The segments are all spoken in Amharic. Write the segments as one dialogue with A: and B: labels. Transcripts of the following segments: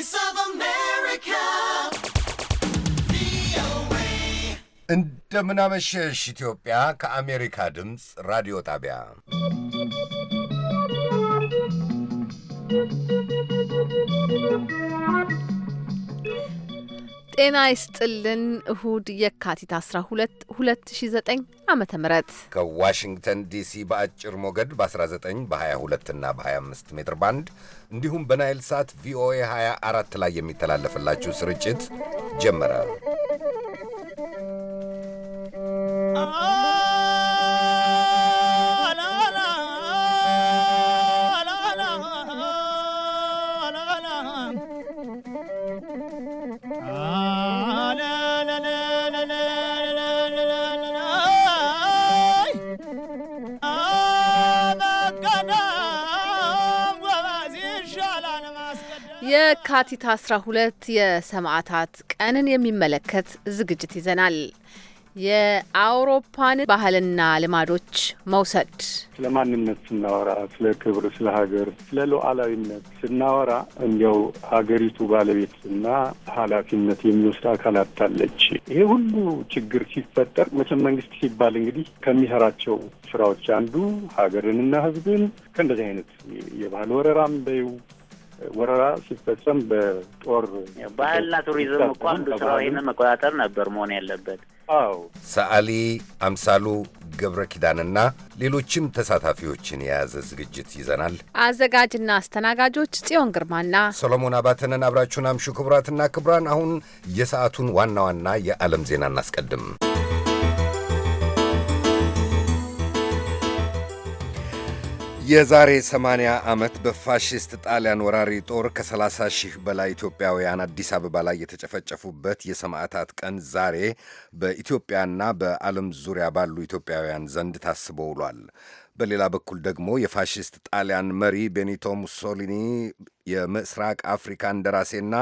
A: Voice of America.
B: እንደምናመሸሽ ኢትዮጵያ ከአሜሪካ ድምፅ ራዲዮ ጣቢያ
C: Thank you. ጤና ይስጥልን። እሁድ የካቲት 12 2009 ዓ ም
B: ከዋሽንግተን ዲሲ በአጭር ሞገድ በ19 በ22 እና በ25 ሜትር ባንድ እንዲሁም በናይል ሳት ቪኦኤ 24 ላይ የሚተላለፍላችሁ ስርጭት ጀመረ።
C: የካቲት 12 የሰማዕታት ቀንን የሚመለከት ዝግጅት ይዘናል። የአውሮፓን ባህልና ልማዶች መውሰድ ስለ
D: ማንነት ስናወራ፣ ስለ ክብር፣ ስለ ሀገር፣ ስለ ሉዓላዊነት ስናወራ እንዲያው ሀገሪቱ ባለቤትና ኃላፊነት የሚወስድ አካላት አታለች። ይሄ ሁሉ ችግር ሲፈጠር መቼም መንግስት ሲባል እንግዲህ ከሚሰራቸው ስራዎች አንዱ ሀገርንና ህዝብን ከእንደዚህ አይነት የባህል ወረራም በይው ወረራ ሲፈጸም
E: በጦር ባህልና ቱሪዝም እኮ አንዱ ስራ ይህንን መቆጣጠር ነበር መሆን ያለበት። አዎ
B: ሰዓሊ አምሳሉ ገብረ ኪዳንና ሌሎችም ተሳታፊዎችን የያዘ ዝግጅት ይዘናል።
C: አዘጋጅና አስተናጋጆች ጽዮን ግርማና
B: ሰሎሞን አባተንን አብራችሁን አምሹ። ክቡራትና ክቡራን፣ አሁን የሰዓቱን ዋና ዋና የዓለም ዜና እናስቀድም። የዛሬ 80 ዓመት በፋሽስት ጣሊያን ወራሪ ጦር ከ30 ሺህ በላይ ኢትዮጵያውያን አዲስ አበባ ላይ የተጨፈጨፉበት የሰማዕታት ቀን ዛሬ በኢትዮጵያና በዓለም ዙሪያ ባሉ ኢትዮጵያውያን ዘንድ ታስቦ ውሏል። በሌላ በኩል ደግሞ የፋሽስት ጣሊያን መሪ ቤኒቶ ሙሶሊኒ የምስራቅ አፍሪካ እንደራሴና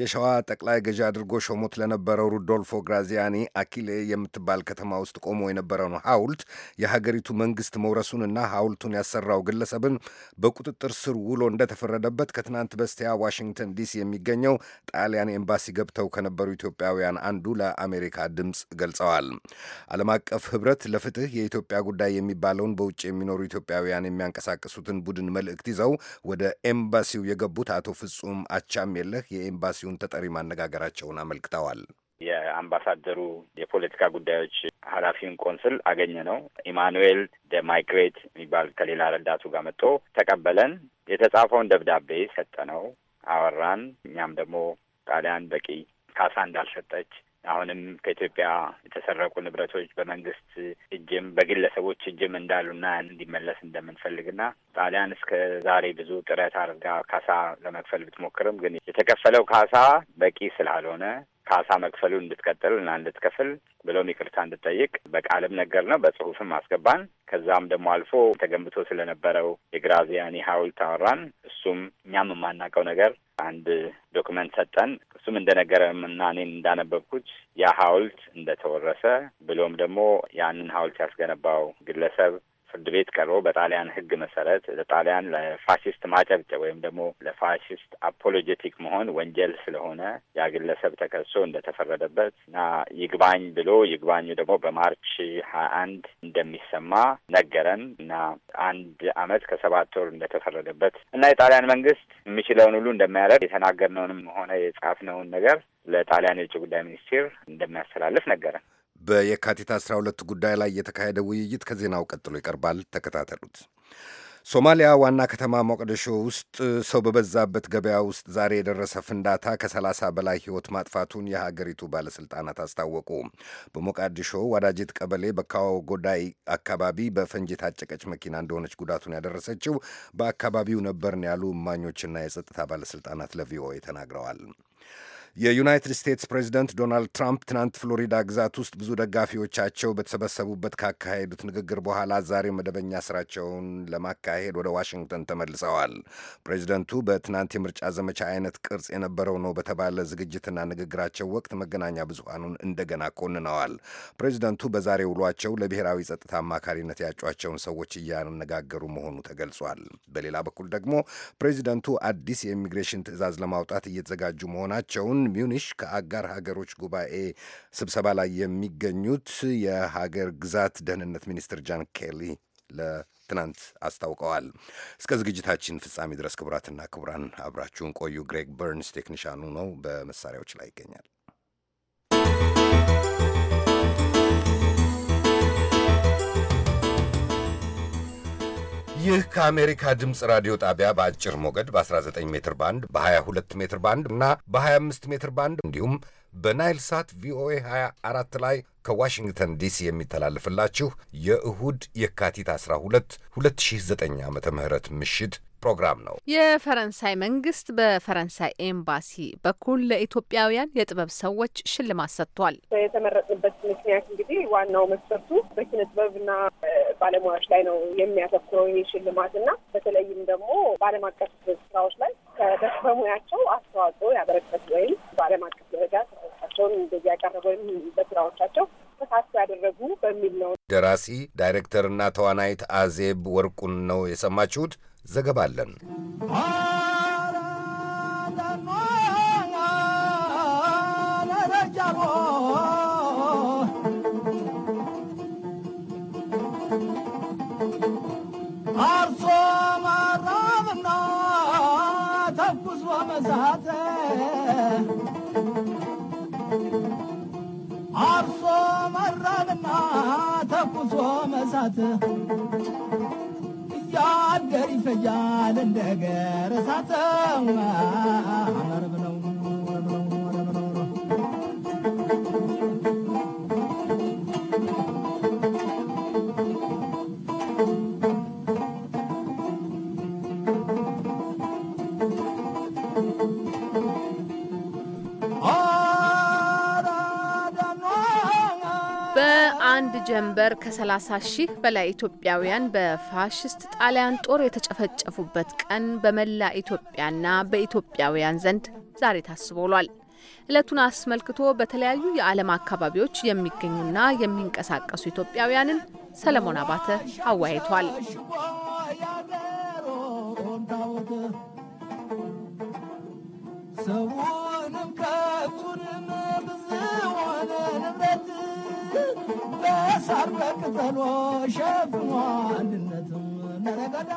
B: የሸዋ ጠቅላይ ገዢ አድርጎ ሾሞት ለነበረው ሩዶልፎ ግራዚያኒ አኪሌ የምትባል ከተማ ውስጥ ቆሞ የነበረውን ሐውልት የሀገሪቱ መንግስት መውረሱንና ሐውልቱን ያሰራው ግለሰብን በቁጥጥር ስር ውሎ እንደተፈረደበት ከትናንት በስቲያ ዋሽንግተን ዲሲ የሚገኘው ጣሊያን ኤምባሲ ገብተው ከነበሩ ኢትዮጵያውያን አንዱ ለአሜሪካ ድምፅ ገልጸዋል። ዓለም አቀፍ ህብረት ለፍትህ የኢትዮጵያ ጉዳይ የሚባለውን በውጭ የሚኖሩ ኢትዮጵያውያን የሚያንቀሳቅሱትን ቡድን መልእክት ይዘው ወደ ኤምባሲው የገ የገቡት አቶ ፍጹም አቻም የለህ የኤምባሲውን ተጠሪ ማነጋገራቸውን አመልክተዋል።
F: የአምባሳደሩ የፖለቲካ ጉዳዮች ኃላፊውን ቆንስል አገኘ ነው ኢማኑኤል ደ ማይግሬት የሚባል ከሌላ ረዳቱ ጋር መጥቶ ተቀበለን። የተጻፈውን ደብዳቤ ሰጠ ነው። አወራን። እኛም ደግሞ ጣሊያን በቂ ካሳ እንዳልሰጠች አሁንም ከኢትዮጵያ የተሰረቁ ንብረቶች በመንግስት እጅም በግለሰቦች እጅም እንዳሉና እንዲመለስ እንደምንፈልግና ጣሊያን እስከ ዛሬ ብዙ ጥረት አድርጋ ካሳ ለመክፈል ብትሞክርም ግን የተከፈለው ካሳ በቂ ስላልሆነ ካሳ መክፈሉን እንድትቀጥል እና እንድትከፍል ብለውም ይቅርታ እንድጠይቅ በቃልም ነገር ነው በጽሁፍም አስገባን። ከዛም ደግሞ አልፎ ተገንብቶ ስለነበረው የግራዚያኒ ሐውልት አወራን። እሱም እኛም የማናውቀው ነገር አንድ ዶክመንት ሰጠን። እሱም እንደነገረ እና እኔን እንዳነበብኩት ያ ሐውልት እንደተወረሰ ብሎም ደግሞ ያንን ሐውልት ያስገነባው ግለሰብ ፍርድ ቤት ቀርቦ በጣሊያን ህግ መሰረት ለጣሊያን ለፋሽስት ማጨብጨብ ወይም ደግሞ ለፋሽስት አፖሎጀቲክ መሆን ወንጀል ስለሆነ ያ ግለሰብ ተከሶ እንደተፈረደበት እና ይግባኝ ብሎ ይግባኙ ደግሞ በማርች ሀያ አንድ እንደሚሰማ ነገረን እና አንድ አመት ከሰባት ወር እንደተፈረደበት እና የጣሊያን መንግስት የሚችለውን ሁሉ እንደሚያደርግ የተናገርነውንም ሆነ የጻፍነውን ነገር ለጣሊያን የውጭ ጉዳይ ሚኒስቴር እንደሚያስተላልፍ ነገረን።
B: በየካቲት 12 ጉዳይ ላይ የተካሄደ ውይይት ከዜናው ቀጥሎ ይቀርባል። ተከታተሉት። ሶማሊያ ዋና ከተማ ሞቃዲሾ ውስጥ ሰው በበዛበት ገበያ ውስጥ ዛሬ የደረሰ ፍንዳታ ከ30 በላይ ሕይወት ማጥፋቱን የሀገሪቱ ባለሥልጣናት አስታወቁ። በሞቃዲሾ ወዳጅት ቀበሌ በካዋ ጎዳይ አካባቢ በፈንጂ የታጨቀች መኪና እንደሆነች ጉዳቱን ያደረሰችው በአካባቢው ነበርን ያሉ እማኞችና የጸጥታ ባለሥልጣናት ለቪኦኤ ተናግረዋል። የዩናይትድ ስቴትስ ፕሬዚደንት ዶናልድ ትራምፕ ትናንት ፍሎሪዳ ግዛት ውስጥ ብዙ ደጋፊዎቻቸው በተሰበሰቡበት ካካሄዱት ንግግር በኋላ ዛሬ መደበኛ ስራቸውን ለማካሄድ ወደ ዋሽንግተን ተመልሰዋል። ፕሬዚደንቱ በትናንት የምርጫ ዘመቻ አይነት ቅርጽ የነበረው ነው በተባለ ዝግጅትና ንግግራቸው ወቅት መገናኛ ብዙሃኑን እንደገና ኮንነዋል። ፕሬዚደንቱ በዛሬ ውሏቸው ለብሔራዊ ጸጥታ አማካሪነት ያጯቸውን ሰዎች እያነጋገሩ መሆኑ ተገልጿል። በሌላ በኩል ደግሞ ፕሬዚደንቱ አዲስ የኢሚግሬሽን ትዕዛዝ ለማውጣት እየተዘጋጁ መሆናቸውን ሰሞኑን ሚውኒሽ ከአጋር ሀገሮች ጉባኤ ስብሰባ ላይ የሚገኙት የሀገር ግዛት ደህንነት ሚኒስትር ጃን ኬሊ ለትናንት አስታውቀዋል። እስከ ዝግጅታችን ፍጻሜ ድረስ ክቡራትና ክቡራን አብራችሁን ቆዩ። ግሬግ በርንስ ቴክኒሻኑ ነው፣ በመሳሪያዎች ላይ ይገኛል። ይህ ከአሜሪካ ድምፅ ራዲዮ ጣቢያ በአጭር ሞገድ በ19 ሜትር ባንድ በ22 ሜትር ባንድ እና በ25 ሜትር ባንድ እንዲሁም በናይል ሳት ቪኦኤ 24 ላይ ከዋሽንግተን ዲሲ የሚተላለፍላችሁ የእሁድ የካቲት 12 2009 ዓ ም ምሽት ፕሮግራም ነው።
C: የፈረንሳይ መንግስት በፈረንሳይ ኤምባሲ በኩል ለኢትዮጵያውያን የጥበብ ሰዎች ሽልማት ሰጥቷል። የተመረጥንበት
G: ምክንያት እንግዲህ ዋናው መስፈርቱ በኪነ ጥበብና ባለሙያዎች ላይ ነው የሚያተኩረው ይህ ሽልማት እና በተለይም ደግሞ በዓለም አቀፍ ስራዎች ላይ በሙያቸው አስተዋጽኦ ያበረከቱ ወይም በዓለም አቀፍ ደረጃ ተሰጣቸውን እንደዚህ ያቀረበ ወይም በስራዎቻቸው ተሳትፎ ያደረጉ በሚል ነው።
B: ደራሲ ዳይሬክተርና ተዋናይት አዜብ ወርቁን ነው የሰማችሁት። ዘገባ አለን።
A: አርሶ መራብና ተኩሶ መዛት ያደር ይፈጃል እንደገር እሳተማ አረብ ነው።
C: ጀንበር ከ30 ሺህ በላይ ኢትዮጵያውያን በፋሽስት ጣሊያን ጦር የተጨፈጨፉበት ቀን በመላ ኢትዮጵያና በኢትዮጵያውያን ዘንድ ዛሬ ታስቦ ውሏል። ዕለቱን አስመልክቶ በተለያዩ የዓለም አካባቢዎች የሚገኙና የሚንቀሳቀሱ ኢትዮጵያውያንን ሰለሞን አባተ አወያይቷል።
A: ሰውንም ሳር በቅጠሎ ሸፍኖ አንድነትም ነረገዳ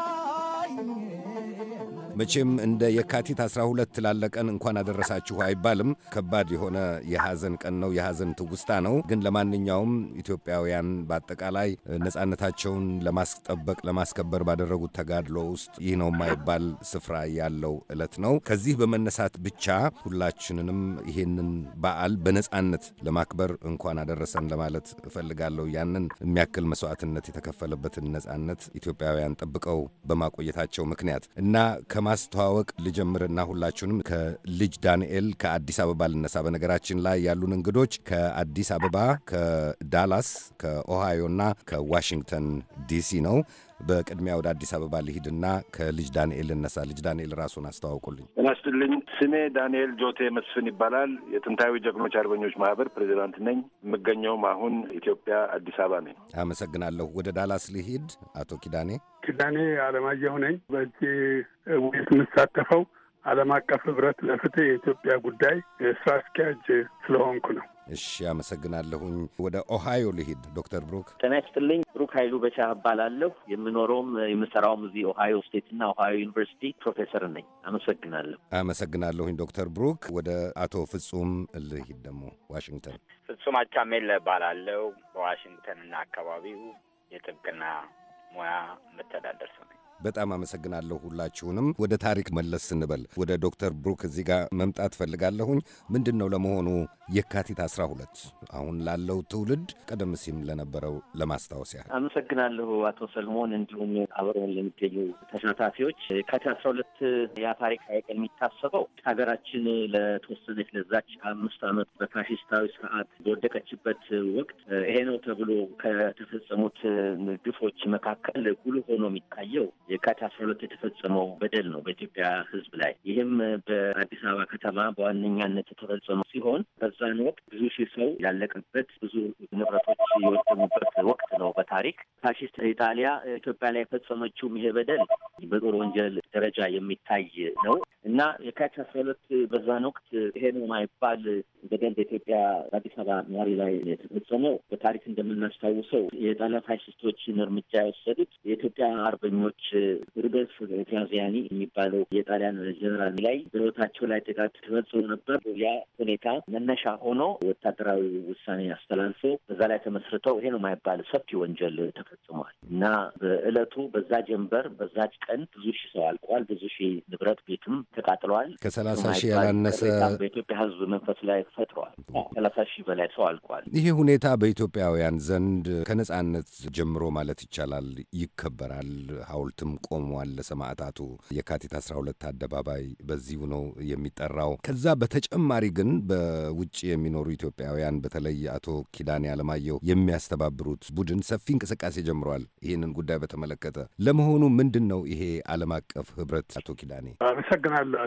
B: መቼም እንደ የካቲት 12 ትላለቀን ቀን እንኳን አደረሳችሁ አይባልም። ከባድ የሆነ የሐዘን ቀን ነው፣ የሐዘን ትውስታ ነው። ግን ለማንኛውም ኢትዮጵያውያን በአጠቃላይ ነጻነታቸውን ለማስጠበቅ ለማስከበር ባደረጉት ተጋድሎ ውስጥ ይህ ነው የማይባል ስፍራ ያለው ዕለት ነው። ከዚህ በመነሳት ብቻ ሁላችንንም ይሄንን በዓል በነጻነት ለማክበር እንኳን አደረሰን ለማለት እፈልጋለሁ። ያንን የሚያክል መስዋዕትነት የተከፈለበትን ነጻነት ኢትዮጵያውያን ጠብቀው በማቆየታቸው ምክንያት እና ከማስተዋወቅ ልጀምርና ሁላችሁንም ከልጅ ዳንኤል ከአዲስ አበባ ልነሳ። በነገራችን ላይ ያሉን እንግዶች ከአዲስ አበባ፣ ከዳላስ፣ ከኦሃዮና ከዋሽንግተን ዲሲ ነው። በቅድሚያ ወደ አዲስ አበባ ልሂድና ከልጅ ዳንኤል ልነሳ። ልጅ ዳንኤል ራሱን አስተዋውቁልኝ።
H: ጤና ስሜ ዳንኤል ጆቴ መስፍን ይባላል። የጥንታዊ ጀግኖች አርበኞች ማህበር ፕሬዚዳንት ነኝ። የምገኘውም አሁን ኢትዮጵያ አዲስ አበባ ነኝ።
B: አመሰግናለሁ። ወደ ዳላስ ልሂድ። አቶ ኪዳኔ
H: ኪዳኔ
I: አለማየሁ ነኝ። በዚህ ውይይት የምሳተፈው ዓለም አቀፍ ህብረት ለፍትህ
J: የኢትዮጵያ ጉዳይ ስራ አስኪያጅ ስለሆንኩ ነው።
B: እሺ፣ አመሰግናለሁኝ። ወደ ኦሃዮ ልሂድ ዶክተር ብሩክ።
J: ጤና ይስጥልኝ። ብሩክ ኃይሉ በሻህ እባላለሁ። የምኖረውም የምሰራውም እዚህ ኦሃዮ ስቴት ስቴትና ኦሃዮ ዩኒቨርሲቲ ፕሮፌሰር ነኝ። አመሰግናለሁ።
B: አመሰግናለሁኝ ዶክተር ብሩክ። ወደ አቶ ፍጹም ልሂድ ደግሞ ዋሽንግተን።
F: ፍጹም አቻሜል እባላለሁ። በዋሽንግተንና አካባቢው የጥብቅና ሙያ መተዳደር ሰው
B: ነኝ። በጣም አመሰግናለሁ ሁላችሁንም። ወደ ታሪክ መለስ ስንበል ወደ ዶክተር ብሩክ እዚህ ጋር መምጣት ፈልጋለሁኝ። ምንድን ነው ለመሆኑ የካቲት 12 አሁን ላለው ትውልድ ቀደም ሲም ለነበረው ለማስታወስ ያህል።
J: አመሰግናለሁ አቶ ሰልሞን፣ እንዲሁም አብረን ለሚገኙ ተሳታፊዎች የካቲት 12 ያ ታሪክ ቀን የሚታሰበው ሀገራችን ለተወሰነች ለዛች አምስት ዓመት በፋሽስታዊ ስርዓት በወደቀችበት ወቅት ይሄ ነው ተብሎ ከተፈጸሙት ግፎች መካከል ጉልህ ሆኖ የሚታየው የካት አስራ ሁለት የተፈጸመው በደል ነው በኢትዮጵያ ሕዝብ ላይ ይህም በአዲስ አበባ ከተማ በዋነኛነት የተፈጸመው ሲሆን በዛን ወቅት ብዙ ሺህ ሰው ያለቀበት ብዙ ንብረቶች የወደሙበት ወቅት ነው። በታሪክ ፋሽስት ኢጣሊያ ኢትዮጵያ ላይ የፈጸመችውም ይሄ በደል በጦር ወንጀል ደረጃ የሚታይ ነው እና የካቲት አስራ ሁለት በዛን ወቅት ይሄ ነው የማይባል በደል በኢትዮጵያ አዲስ አበባ ነዋሪ ላይ የተፈጸመው በታሪክ እንደምናስታውሰው የጣሊያን ፋሽስቶችን እርምጃ የወሰዱት የኢትዮጵያ አርበኞች ሩዶልፍ ግራዚያኒ የሚባለው የጣሊያን ጀነራል ላይ ህይወታቸው ላይ ጥቃት ተፈጽሞ ነበር። ያ ሁኔታ መነሻ ሆኖ ወታደራዊ ውሳኔ አስተላልፎ በዛ ላይ ተመስርተው ይሄ ነው የማይባል ሰፊ ወንጀል ተፈጽሟል እና በእለቱ በዛ ጀንበር በዛች ቀን ብዙ ሺህ ሰው አልቋል። ብዙ ሺህ ንብረት ቤትም ተቃጥለዋል። ከሰላሳ ሺህ ያላነሰ በኢትዮጵያ ህዝብ መንፈስ ላይ ፈጥሯል። ሰላሳ ሺህ በላይ ሰው አልቋል። ይህ
B: ሁኔታ በኢትዮጵያውያን ዘንድ ከነጻነት ጀምሮ ማለት ይቻላል ይከበራል ሐውልት በእርግጥም ቆሟል ለሰማዕታቱ የካቲት 12 አደባባይ በዚሁ ነው የሚጠራው። ከዛ በተጨማሪ ግን በውጭ የሚኖሩ ኢትዮጵያውያን በተለይ አቶ ኪዳኔ አለማየሁ የሚያስተባብሩት ቡድን ሰፊ እንቅስቃሴ ጀምሯል ይህንን ጉዳይ በተመለከተ። ለመሆኑ ምንድን ነው ይሄ ዓለም አቀፍ ህብረት? አቶ ኪዳኔ
I: አመሰግናለሁ።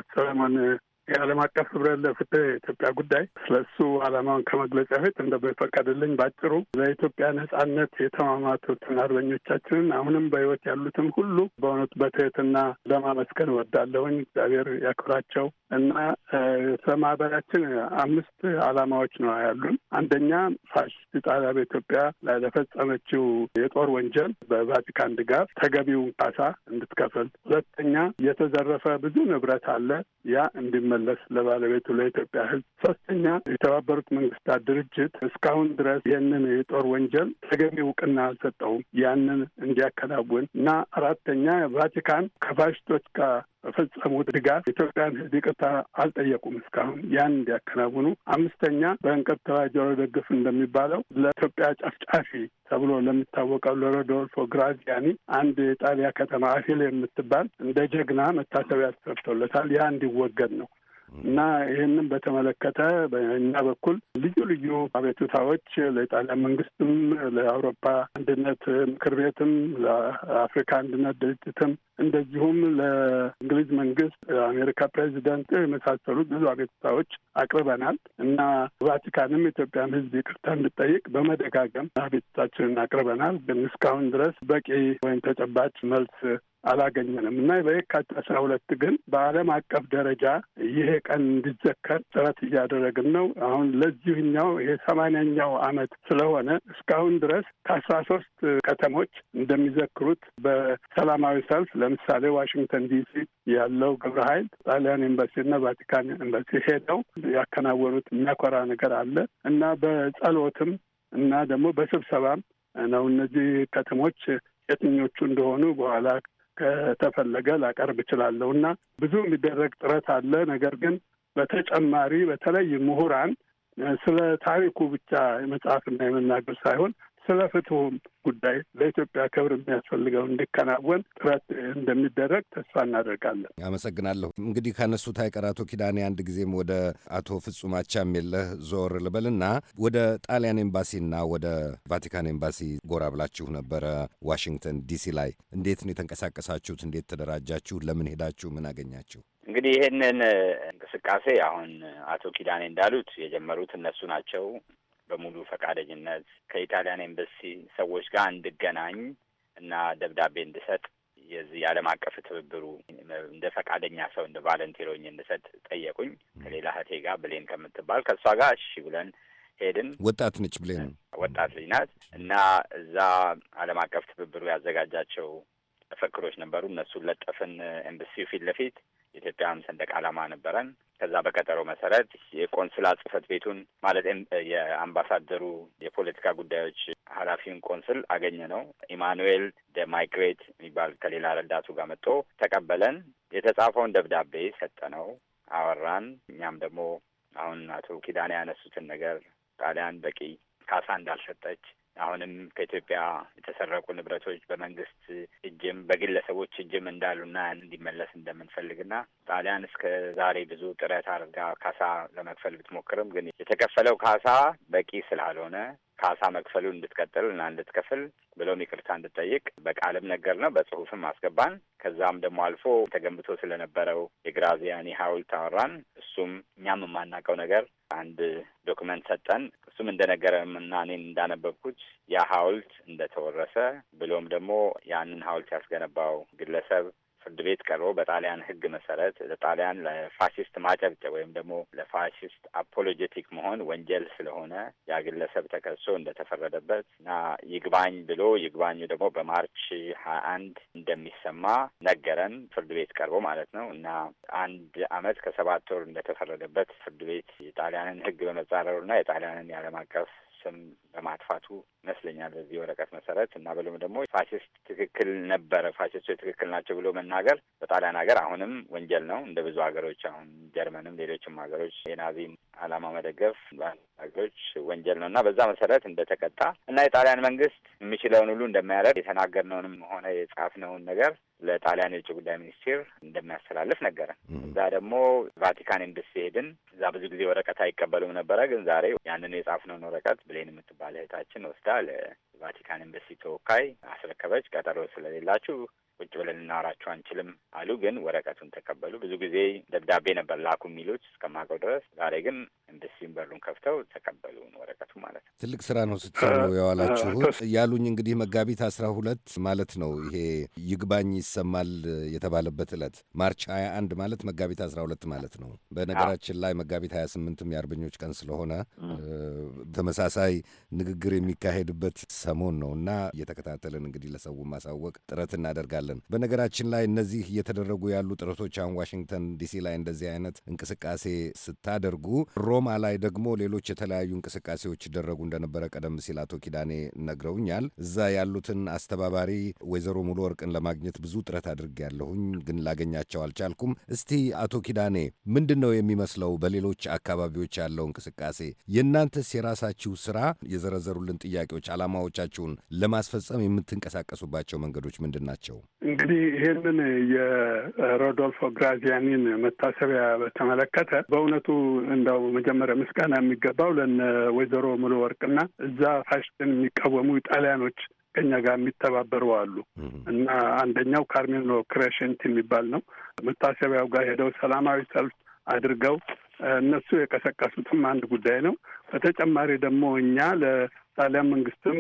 I: የዓለም አቀፍ ህብረት ለፍትህ የኢትዮጵያ ጉዳይ ስለ እሱ ዓላማውን ከመግለጫ ፊት እንደሚፈቀድልኝ ባጭሩ ለኢትዮጵያ ነጻነት የተማማቱትን አርበኞቻችንን አሁንም በህይወት ያሉትም ሁሉ በእውነት በትህትና ለማመስገን ወዳለሁኝ እግዚአብሔር ያክብራቸው እና ለማህበራችን አምስት አላማዎች ነው ያሉን። አንደኛ ፋሽስት ጣሊያ በኢትዮጵያ ላይ ለፈጸመችው የጦር ወንጀል በቫቲካን ድጋፍ ተገቢውን ካሳ እንድትከፍል፣ ሁለተኛ የተዘረፈ ብዙ ንብረት አለ ያ እንዲመ ለመመለስ ለባለቤቱ ለኢትዮጵያ ሕዝብ፣ ሶስተኛ የተባበሩት መንግስታት ድርጅት እስካሁን ድረስ ይህንን የጦር ወንጀል ተገቢ እውቅና አልሰጠውም ያንን እንዲያከናውን እና አራተኛ ቫቲካን ከፋሽቶች ጋር ፈጸሙት ድጋፍ ኢትዮጵያን ህዝብ ይቅርታ አልጠየቁም እስካሁን ያን እንዲያከናውኑ። አምስተኛ በእንቅርተባ ጆሮ ደግፍ እንደሚባለው ለኢትዮጵያ ጨፍጫፊ ተብሎ ለሚታወቀው ለሮዶልፎ ግራዚያኒ አንድ የጣሊያ ከተማ አፊል የምትባል እንደ ጀግና መታሰቢያ ተሰርቶለታል። ያ እንዲወገድ ነው። እና ይህንም በተመለከተ በእኛ በኩል ልዩ ልዩ አቤቱታዎች ለኢጣሊያን መንግስትም፣ ለአውሮፓ አንድነት ምክር ቤትም፣ ለአፍሪካ አንድነት ድርጅትም እንደዚሁም ለእንግሊዝ መንግስት፣ አሜሪካ ፕሬዚደንት የመሳሰሉት ብዙ አቤቱታዎች አቅርበናል እና ቫቲካንም ኢትዮጵያን ሕዝብ ይቅርታ እንድጠይቅ በመደጋገም አቤቱታችንን አቅርበናል። ግን እስካሁን ድረስ በቂ ወይም ተጨባጭ መልስ አላገኘንም እና በየካቲት አስራ ሁለት ግን በዓለም አቀፍ ደረጃ ይሄ ቀን እንዲዘከር ጥረት እያደረግን ነው። አሁን ለዚህኛው የሰማንያኛው ዓመት ስለሆነ እስካሁን ድረስ ከአስራ ሶስት ከተሞች እንደሚዘክሩት በሰላማዊ ሰልፍ ለምሳሌ ዋሽንግተን ዲሲ ያለው ግብረ ኃይል ጣሊያን ኤምባሲና ቫቲካን ኤምባሲ ሄደው ያከናወኑት የሚያኮራ ነገር አለ እና በጸሎትም እና ደግሞ በስብሰባም ነው እነዚህ ከተሞች የትኞቹ እንደሆኑ በኋላ ከተፈለገ ላቀርብ እችላለሁ እና ብዙ የሚደረግ ጥረት አለ። ነገር ግን በተጨማሪ በተለይ ምሁራን ስለ ታሪኩ ብቻ የመጽሐፍና የመናገር ሳይሆን ስለ ፍትሁም ጉዳይ ለኢትዮጵያ ክብር የሚያስፈልገው እንዲከናወን ጥረት እንደሚደረግ ተስፋ እናደርጋለን።
B: አመሰግናለሁ። እንግዲህ ከነሱ አይቀር አቶ ኪዳኔ አንድ ጊዜም ወደ አቶ ፍጹም አቻሜለህ ዞር ልበልና ወደ ጣሊያን ኤምባሲና ወደ ቫቲካን ኤምባሲ ጎራ ብላችሁ ነበረ ዋሽንግተን ዲሲ ላይ። እንዴት ነው የተንቀሳቀሳችሁት? እንዴት ተደራጃችሁ? ለምን ሄዳችሁ? ምን አገኛችሁ?
F: እንግዲህ ይህንን እንቅስቃሴ አሁን አቶ ኪዳኔ እንዳሉት የጀመሩት እነሱ ናቸው። በሙሉ ፈቃደኝነት ከኢጣሊያን ኤምበሲ ሰዎች ጋር እንድገናኝ እና ደብዳቤ እንድሰጥ የዚህ የዓለም አቀፍ ትብብሩ እንደ ፈቃደኛ ሰው እንደ ቫለንቴሮኝ እንድሰጥ ጠየቁኝ። ከሌላ እህቴ ጋር ብሌን ከምትባል ከእሷ ጋር እሺ ብለን ሄድን።
B: ወጣት ነች ብሌን
F: ወጣት ልጅ ናት እና እዛ ዓለም አቀፍ ትብብሩ ያዘጋጃቸው መፈክሮች ነበሩ። እነሱን ለጠፍን ኤምበሲው ፊት ለፊት ኢትዮጵያን ሰንደቅ ዓላማ ነበረን። ከዛ በቀጠሮ መሰረት የቆንስላ ጽህፈት ቤቱን ማለት የአምባሳደሩ የፖለቲካ ጉዳዮች ኃላፊውን ቆንስል አገኘ ነው ኢማኑኤል ደ ማይግሬት የሚባል ከሌላ ረዳቱ ጋር መጥቶ ተቀበለን። የተጻፈውን ደብዳቤ ሰጠ ነው አወራን። እኛም ደግሞ አሁን አቶ ኪዳን ያነሱትን ነገር ጣሊያን በቂ ካሳ እንዳልሰጠች አሁንም ከኢትዮጵያ የተሰረቁ ንብረቶች በመንግስት እጅም በግለሰቦች እጅም እንዳሉና እንዲመለስ እንደምንፈልግና ጣሊያን እስከ ዛሬ ብዙ ጥረት አድርጋ ካሳ ለመክፈል ብትሞክርም ግን የተከፈለው ካሳ በቂ ስላልሆነ ካሳ መክፈሉ እንድትቀጥል እና እንድትከፍል ብሎም ይቅርታ እንድጠይቅ በቃልም ነገር ነው በጽሁፍም አስገባን። ከዛም ደግሞ አልፎ ተገንብቶ ስለነበረው የግራዚያኒ ሐውልት አወራን። እሱም እኛም የማናውቀው ነገር አንድ ዶክመንት ሰጠን። እሱም እና እኔን እንዳነበብኩት ያ ሀውልት እንደተወረሰ ብሎም ደግሞ ያንን ሀውልት ያስገነባው ግለሰብ ፍርድ ቤት ቀርቦ በጣሊያን ህግ መሰረት ለጣሊያን ለፋሽስት ማጨብጨብ ወይም ደግሞ ለፋሽስት አፖሎጀቲክ መሆን ወንጀል ስለሆነ ያ ግለሰብ ተከሶ እንደተፈረደበት እና ይግባኝ ብሎ ይግባኙ ደግሞ በማርች ሀያ አንድ እንደሚሰማ ነገረን። ፍርድ ቤት ቀርቦ ማለት ነው እና አንድ አመት ከሰባት ወር እንደተፈረደበት ፍርድ ቤት የጣሊያንን ህግ በመጻረሩ እና የጣሊያንን የዓለም አቀፍ ስም በማጥፋቱ ይመስለኛል በዚህ ወረቀት መሰረት እና ብሎም ደግሞ ፋሽስት ትክክል ነበረ፣ ፋሽስቶች ትክክል ናቸው ብሎ መናገር በጣሊያን ሀገር አሁንም ወንጀል ነው። እንደ ብዙ ሀገሮች አሁን ጀርመንም፣ ሌሎችም ሀገሮች የናዚ አላማ መደገፍ ሀገሮች ወንጀል ነው እና በዛ መሰረት እንደተቀጣ እና የጣሊያን መንግስት የሚችለውን ሁሉ እንደማያደርግ የተናገርነውንም ሆነ የጻፍነውን ነገር ለጣሊያን የውጭ ጉዳይ ሚኒስቴር እንደሚያስተላልፍ ነገረን። እዛ ደግሞ ቫቲካን ኤምበሲ ሄድን። እዛ ብዙ ጊዜ ወረቀት አይቀበሉም ነበረ፣ ግን ዛሬ ያንን የጻፍነውን ወረቀት ብሌን የምትባል እህታችን ወስዳ ለቫቲካን ኤምበሲ ተወካይ አስረከበች። ቀጠሮ ስለሌላችሁ ቁጭ ብለን ልናወራቸው አንችልም አሉ። ግን ወረቀቱን ተቀበሉ። ብዙ ጊዜ ደብዳቤ ነበር ላኩ የሚሉት እስከማውቀው ድረስ። ዛሬ ግን ኤምባሲውን በሩን ከፍተው ተቀበሉ ወረቀቱ ማለት
B: ነው። ትልቅ ስራ ነው ስትሰሩ የዋላችሁት ያሉኝ። እንግዲህ መጋቢት አስራ ሁለት ማለት ነው ይሄ ይግባኝ ይሰማል የተባለበት ዕለት ማርች ሀያ አንድ ማለት መጋቢት አስራ ሁለት ማለት ነው። በነገራችን ላይ መጋቢት ሀያ ስምንትም የአርበኞች ቀን ስለሆነ ተመሳሳይ ንግግር የሚካሄድበት ሰሞን ነው እና እየተከታተልን እንግዲህ ለሰው ማሳወቅ ጥረት እናደርጋለን። እናያለን። በነገራችን ላይ እነዚህ እየተደረጉ ያሉ ጥረቶች አሁን ዋሽንግተን ዲሲ ላይ እንደዚህ አይነት እንቅስቃሴ ስታደርጉ፣ ሮማ ላይ ደግሞ ሌሎች የተለያዩ እንቅስቃሴዎች ይደረጉ እንደነበረ ቀደም ሲል አቶ ኪዳኔ ነግረውኛል። እዛ ያሉትን አስተባባሪ ወይዘሮ ሙሉ ወርቅን ለማግኘት ብዙ ጥረት ያለሁኝ ግን ላገኛቸው አልቻልኩም። እስቲ አቶ ኪዳኔ ምንድን ነው የሚመስለው በሌሎች አካባቢዎች ያለው እንቅስቃሴ? የእናንተስ የራሳችሁ ስራ የዘረዘሩልን ጥያቄዎች፣ አላማዎቻችሁን ለማስፈጸም የምትንቀሳቀሱባቸው መንገዶች ምንድን ናቸው?
I: እንግዲህ ይህንን የሮዶልፎ ግራዚያኒን መታሰቢያ በተመለከተ በእውነቱ እንደው መጀመሪያ ምስጋና የሚገባው ለነ ወይዘሮ ሙሉ ወርቅና እዛ ፋሽን የሚቃወሙ ጣሊያኖች ከኛ ጋር የሚተባበሩ አሉ እና አንደኛው ካርሚኖ ክሬሽንት የሚባል ነው። መታሰቢያው ጋር ሄደው ሰላማዊ ሰልፍ አድርገው እነሱ የቀሰቀሱትም አንድ ጉዳይ ነው። በተጨማሪ ደግሞ እኛ ጣሊያን መንግስትም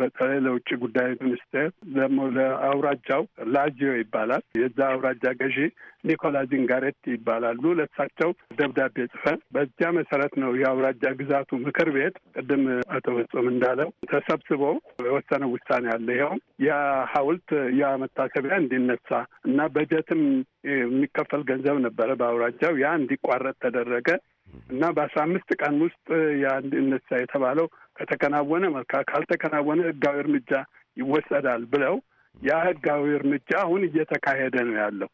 I: በተለይ ለውጭ ጉዳይ ሚኒስቴር ደግሞ ለአውራጃው ላጂዮ ይባላል የዛ አውራጃ ገዢ ኒኮላ ዚንጋሬት ይባላሉ። ለሳቸው ደብዳቤ ጽፈን በዚያ መሰረት ነው የአውራጃ ግዛቱ ምክር ቤት ቅድም አቶ ፍጹም እንዳለው ተሰብስቦ የወሰነ ውሳኔ አለ። ይኸው የሀውልት የመታሰቢያ እንዲነሳ እና በጀትም የሚከፈል ገንዘብ ነበረ በአውራጃው ያ እንዲቋረጥ ተደረገ እና በአስራ አምስት ቀን ውስጥ ያ እንዲነሳ የተባለው ከተከናወነ መልካ ካልተከናወነ ህጋዊ እርምጃ ይወሰዳል ብለው ያ ህጋዊ እርምጃ አሁን እየተካሄደ ነው ያለው።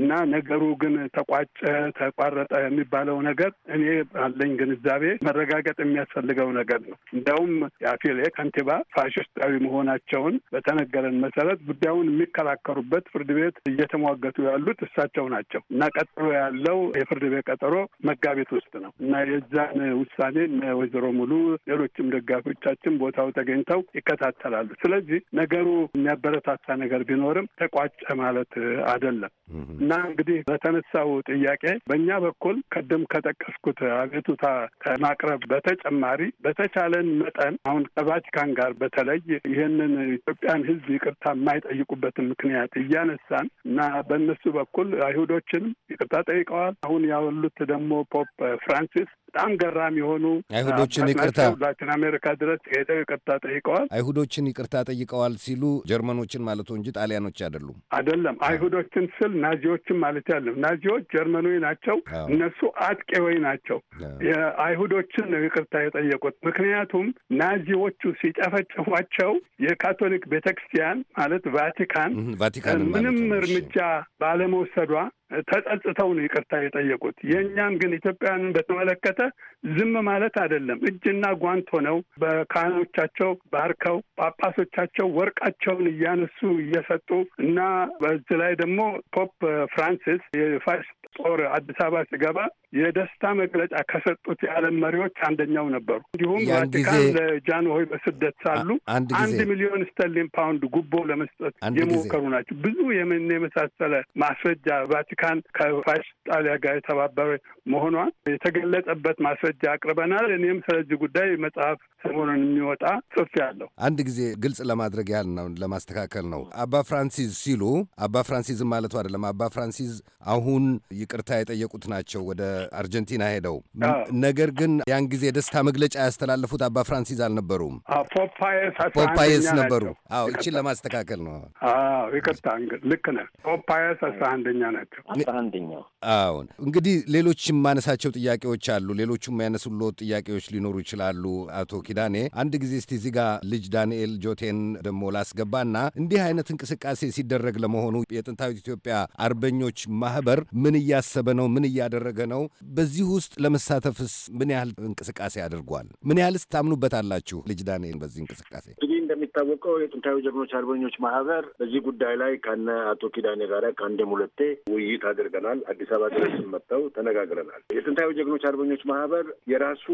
I: እና ነገሩ ግን ተቋጨ ተቋረጠ የሚባለው ነገር እኔ ባለኝ ግንዛቤ መረጋገጥ የሚያስፈልገው ነገር ነው። እንደውም የአፌሌ ከንቲባ ፋሽስታዊ መሆናቸውን በተነገረን መሰረት ጉዳዩን የሚከራከሩበት ፍርድ ቤት እየተሟገቱ ያሉት እሳቸው ናቸው እና ቀጥሎ ያለው የፍርድ ቤት ቀጠሮ መጋቢት ውስጥ ነው እና የዛን ውሳኔ ወይዘሮ ሙሉ ሌሎችም ደጋፊዎቻችን ቦታው ተገኝተው ይከታተላሉ። ስለዚህ ነገሩ የሚያበረታታ ነገር ቢኖርም ተቋጨ ማለት አይደለም። እና እንግዲህ በተነሳው ጥያቄ በእኛ በኩል ቅድም ከጠቀስኩት አቤቱታ ከማቅረብ በተጨማሪ በተቻለን መጠን አሁን ከቫቲካን ጋር በተለይ ይህንን ኢትዮጵያን ሕዝብ ይቅርታ የማይጠይቁበትን ምክንያት እያነሳን እና በእነሱ በኩል አይሁዶችንም ይቅርታ ጠይቀዋል። አሁን ያወሉት ደግሞ ፖፕ ፍራንሲስ በጣም ገራም የሆኑ አይሁዶችን ይቅርታ ላቲን አሜሪካ ድረስ ሄደው ይቅርታ ጠይቀዋል።
B: አይሁዶችን ይቅርታ ጠይቀዋል ሲሉ ጀርመኖችን ማለቱ እንጂ ጣሊያኖች አይደሉም።
I: አይደለም አይሁዶችን ስል ናዚዎችም ማለት ያለም ናዚዎች ጀርመኖች ናቸው። እነሱ አጥቄዎች ናቸው። የአይሁዶችን ነው ይቅርታ የጠየቁት። ምክንያቱም ናዚዎቹ ሲጨፈጭፏቸው የካቶሊክ ቤተክርስቲያን ማለት ቫቲካን ምንም እርምጃ ባለመውሰዷ ተጸጽተው ነው ይቅርታ የጠየቁት። የእኛም ግን ኢትዮጵያውያንን በተመለከተ ዝም ማለት አይደለም። እጅና ጓንት ሆነው በካህኖቻቸው ባርከው ጳጳሶቻቸው ወርቃቸውን እያነሱ እየሰጡ እና በዚህ ላይ ደግሞ ፖፕ ፍራንሲስ የፋሽስት ጦር አዲስ አበባ ሲገባ የደስታ መግለጫ ከሰጡት የዓለም መሪዎች አንደኛው ነበሩ። እንዲሁም ቫቲካን ለጃንሆይ በስደት ሳሉ አንድ ሚሊዮን ስተርሊን ፓውንድ ጉቦ ለመስጠት የሞከሩ ናቸው። ብዙ የምን የመሳሰለ ማስረጃ ቫቲካን ከፋሽ ጣሊያ ጋር የተባበረ መሆኗን የተገለጸበት ማስረጃ አቅርበናል። እኔም ስለዚህ ጉዳይ መጽሐፍ ሰሞኑን የሚወጣ ጽሑፍ
B: ያለው አንድ ጊዜ ግልጽ ለማድረግ ያህል ነው፣ ለማስተካከል ነው። አባ ፍራንሲዝ ሲሉ አባ ፍራንሲዝም ማለቱ አይደለም። አባ ፍራንሲዝ አሁን ይቅርታ የጠየቁት ናቸው ወደ አርጀንቲና ሄደው። ነገር ግን ያን ጊዜ ደስታ መግለጫ ያስተላለፉት አባ ፍራንሲዝ አልነበሩም፣
I: ፖፓየስ ነበሩ። አዎ ይችን
B: ለማስተካከል ነው።
I: አዎ ይቅርታ፣ ልክ ነህ። ፖፓየስ አስራ አንደኛ ናቸው። አስራ አንደኛው።
B: አዎን እንግዲህ ሌሎች የማነሳቸው ጥያቄዎች አሉ። ሌሎቹም ያነሱሎት ጥያቄዎች ሊኖሩ ይችላሉ አቶ ኪዳኔ አንድ ጊዜ እስቲ እዚህ ጋ ልጅ ዳንኤል ጆቴን ደግሞ ላስገባና እንዲህ አይነት እንቅስቃሴ ሲደረግ ለመሆኑ የጥንታዊት ኢትዮጵያ አርበኞች ማህበር ምን እያሰበ ነው? ምን እያደረገ ነው? በዚህ ውስጥ ለመሳተፍስ ምን ያህል እንቅስቃሴ አድርጓል? ምን ያህልስ ታምኑበታላችሁ? ልጅ ዳንኤል በዚህ እንቅስቃሴ
H: እንደሚታወቀው የጥንታዊ ጀግኖች አርበኞች ማህበር በዚህ ጉዳይ ላይ ከነ አቶ ኪዳኔ ጋር ከአንድም ሁለቴ ውይይት አድርገናል። አዲስ አበባ ድረስ መጥተው ተነጋግረናል። የጥንታዊ ጀግኖች አርበኞች ማህበር የራሱ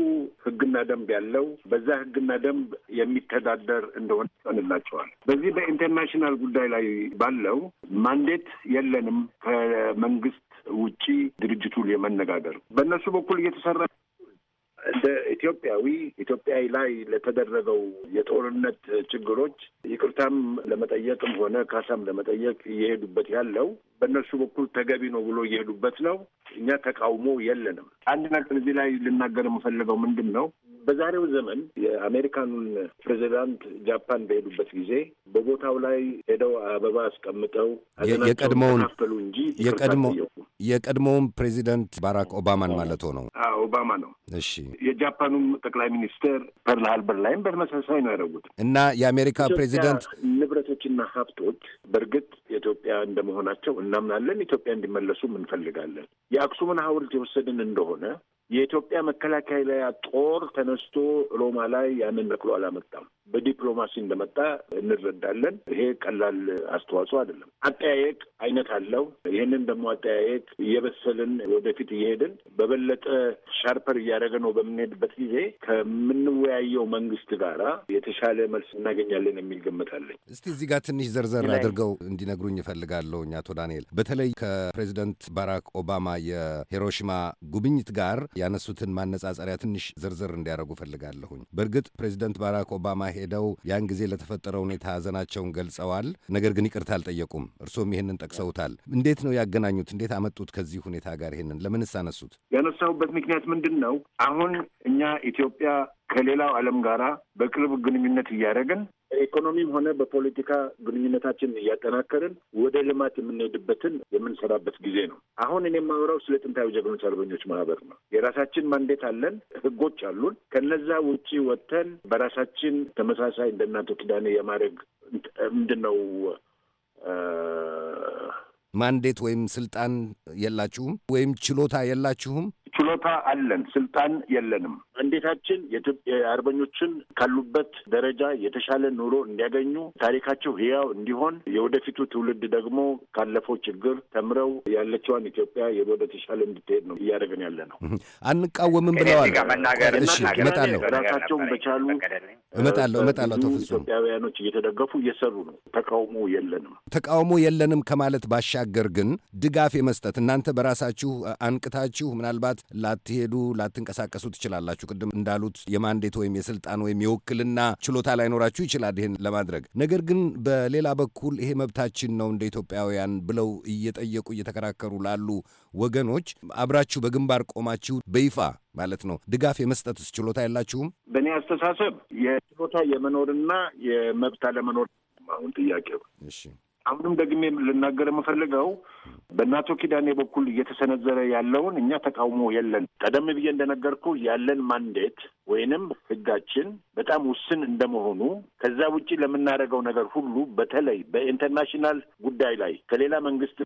H: ህግና ደንብ ያለው በዛ ህግና ደንብ የሚተዳደር እንደሆነ ይጠንላቸዋል። በዚህ በኢንተርናሽናል ጉዳይ ላይ ባለው ማንዴት የለንም ከመንግስት ውጪ ድርጅቱ የመነጋገር በእነሱ በኩል እየተሰራ እንደ ኢትዮጵያዊ ኢትዮጵያዊ ላይ ለተደረገው የጦርነት ችግሮች ይቅርታም ለመጠየቅም ሆነ ካሳም ለመጠየቅ እየሄዱበት ያለው በእነሱ በኩል ተገቢ ነው ብሎ እየሄዱበት ነው። እኛ ተቃውሞ የለንም። አንድ ነገር እዚህ ላይ ልናገር የምፈልገው ምንድን ነው፣ በዛሬው ዘመን የአሜሪካኑን ፕሬዚዳንት ጃፓን በሄዱበት ጊዜ በቦታው ላይ ሄደው አበባ አስቀምጠው የቀድሞውን እንጂ
B: የቀድሞውን ፕሬዚደንት ባራክ ኦባማን ማለት ነው። ኦባማ ነው። እሺ
H: የጃፓኑም ጠቅላይ ሚኒስትር ፐርል ሃርበር ላይም በተመሳሳይ ነው ያደረጉት
B: እና የአሜሪካ ፕሬዚደንት
H: ንብረቶችና ሀብቶች በእርግጥ የኢትዮጵያ እንደመሆናቸው እናምናለን። ኢትዮጵያ እንዲመለሱም እንፈልጋለን። የአክሱምን ሐውልት የወሰድን እንደሆነ የኢትዮጵያ መከላከያ ጦር ተነስቶ ሮማ ላይ ያንን ነክሎ አላመጣም። በዲፕሎማሲ እንደመጣ እንረዳለን። ይሄ ቀላል አስተዋጽኦ አይደለም። አጠያየቅ አይነት አለው። ይህንን ደግሞ አጠያየቅ እየበሰልን ወደፊት እየሄድን በበለጠ ሻርፐር እያደረገ ነው በምንሄድበት ጊዜ ከምንወያየው መንግስት ጋራ የተሻለ መልስ እናገኛለን የሚል ግምት
B: እስቲ እዚህ ጋር ትንሽ ዘርዘር አድርገው እንዲነግሩኝ ይፈልጋለሁ አቶ ዳንኤል በተለይ ከፕሬዚደንት ባራክ ኦባማ የሂሮሽማ ጉብኝት ጋር ያነሱትን ማነጻጸሪያ ትንሽ ዝርዝር እንዲያደርጉ ፈልጋለሁኝ። በእርግጥ ፕሬዚደንት ባራክ ኦባማ ሄደው ያን ጊዜ ለተፈጠረ ሁኔታ ሀዘናቸውን ገልጸዋል። ነገር ግን ይቅርታ አልጠየቁም። እርሶም ይህንን ጠቅሰውታል። እንዴት ነው ያገናኙት? እንዴት አመጡት ከዚህ ሁኔታ ጋር? ይህንን ለምንስ አነሱት?
H: ያነሳሁበት ምክንያት ምንድን ነው? አሁን እኛ ኢትዮጵያ ከሌላው ዓለም ጋራ በቅርብ ግንኙነት እያደረግን በኢኮኖሚም ሆነ በፖለቲካ ግንኙነታችን እያጠናከርን ወደ ልማት የምንሄድበትን የምንሰራበት ጊዜ ነው። አሁን እኔ የማወራው ስለ ጥንታዊ ጀግኖች አርበኞች ማህበር ነው። የራሳችን ማንዴት አለን፣ ህጎች አሉን። ከነዛ ውጪ ወጥተን በራሳችን ተመሳሳይ እንደ እናቶ ኪዳኔ የማድረግ ምንድን ነው
B: ማንዴት ወይም ስልጣን የላችሁም ወይም ችሎታ የላችሁም።
H: ችሎታ አለን፣ ስልጣን የለንም። እንዴታችን የአርበኞችን ካሉበት ደረጃ የተሻለ ኑሮ እንዲያገኙ ታሪካቸው ህያው እንዲሆን የወደፊቱ ትውልድ ደግሞ ካለፈው ችግር ተምረው ያለችዋን ኢትዮጵያ ወደ ተሻለ እንድትሄድ ነው እያደረግን ያለ ነው።
B: አንቃወምም ብለዋል። ራሳቸውን በቻሉ እመጣለሁ፣ እመጣለሁ። አቶ
H: ኢትዮጵያውያኖች እየተደገፉ እየሰሩ ነው። ተቃውሞ የለንም።
B: ተቃውሞ የለንም ከማለት ባሻገር ግን ድጋፍ የመስጠት እናንተ በራሳችሁ አንቅታችሁ ምናልባት ላትሄዱ ላትንቀሳቀሱ ትችላላችሁ። ቅድም እንዳሉት የማንዴት ወይም የስልጣን ወይም የውክልና ችሎታ ላይኖራችሁ ይችላል ይህን ለማድረግ። ነገር ግን በሌላ በኩል ይሄ መብታችን ነው እንደ ኢትዮጵያውያን ብለው እየጠየቁ እየተከራከሩ ላሉ ወገኖች አብራችሁ በግንባር ቆማችሁ በይፋ ማለት ነው ድጋፍ የመስጠትስ ችሎታ የላችሁም?
H: በእኔ አስተሳሰብ የችሎታ የመኖርና የመብት አለመኖር አሁን ጥያቄው እሺ አሁንም ደግሜ ልናገር የምፈልገው በእናቶ ኪዳኔ በኩል እየተሰነዘረ ያለውን እኛ ተቃውሞ የለን። ቀደም ብዬ እንደነገርኩ ያለን ማንዴት ወይንም ህጋችን በጣም ውስን እንደመሆኑ ከዛ ውጭ ለምናደርገው ነገር ሁሉ በተለይ በኢንተርናሽናል ጉዳይ ላይ ከሌላ መንግስት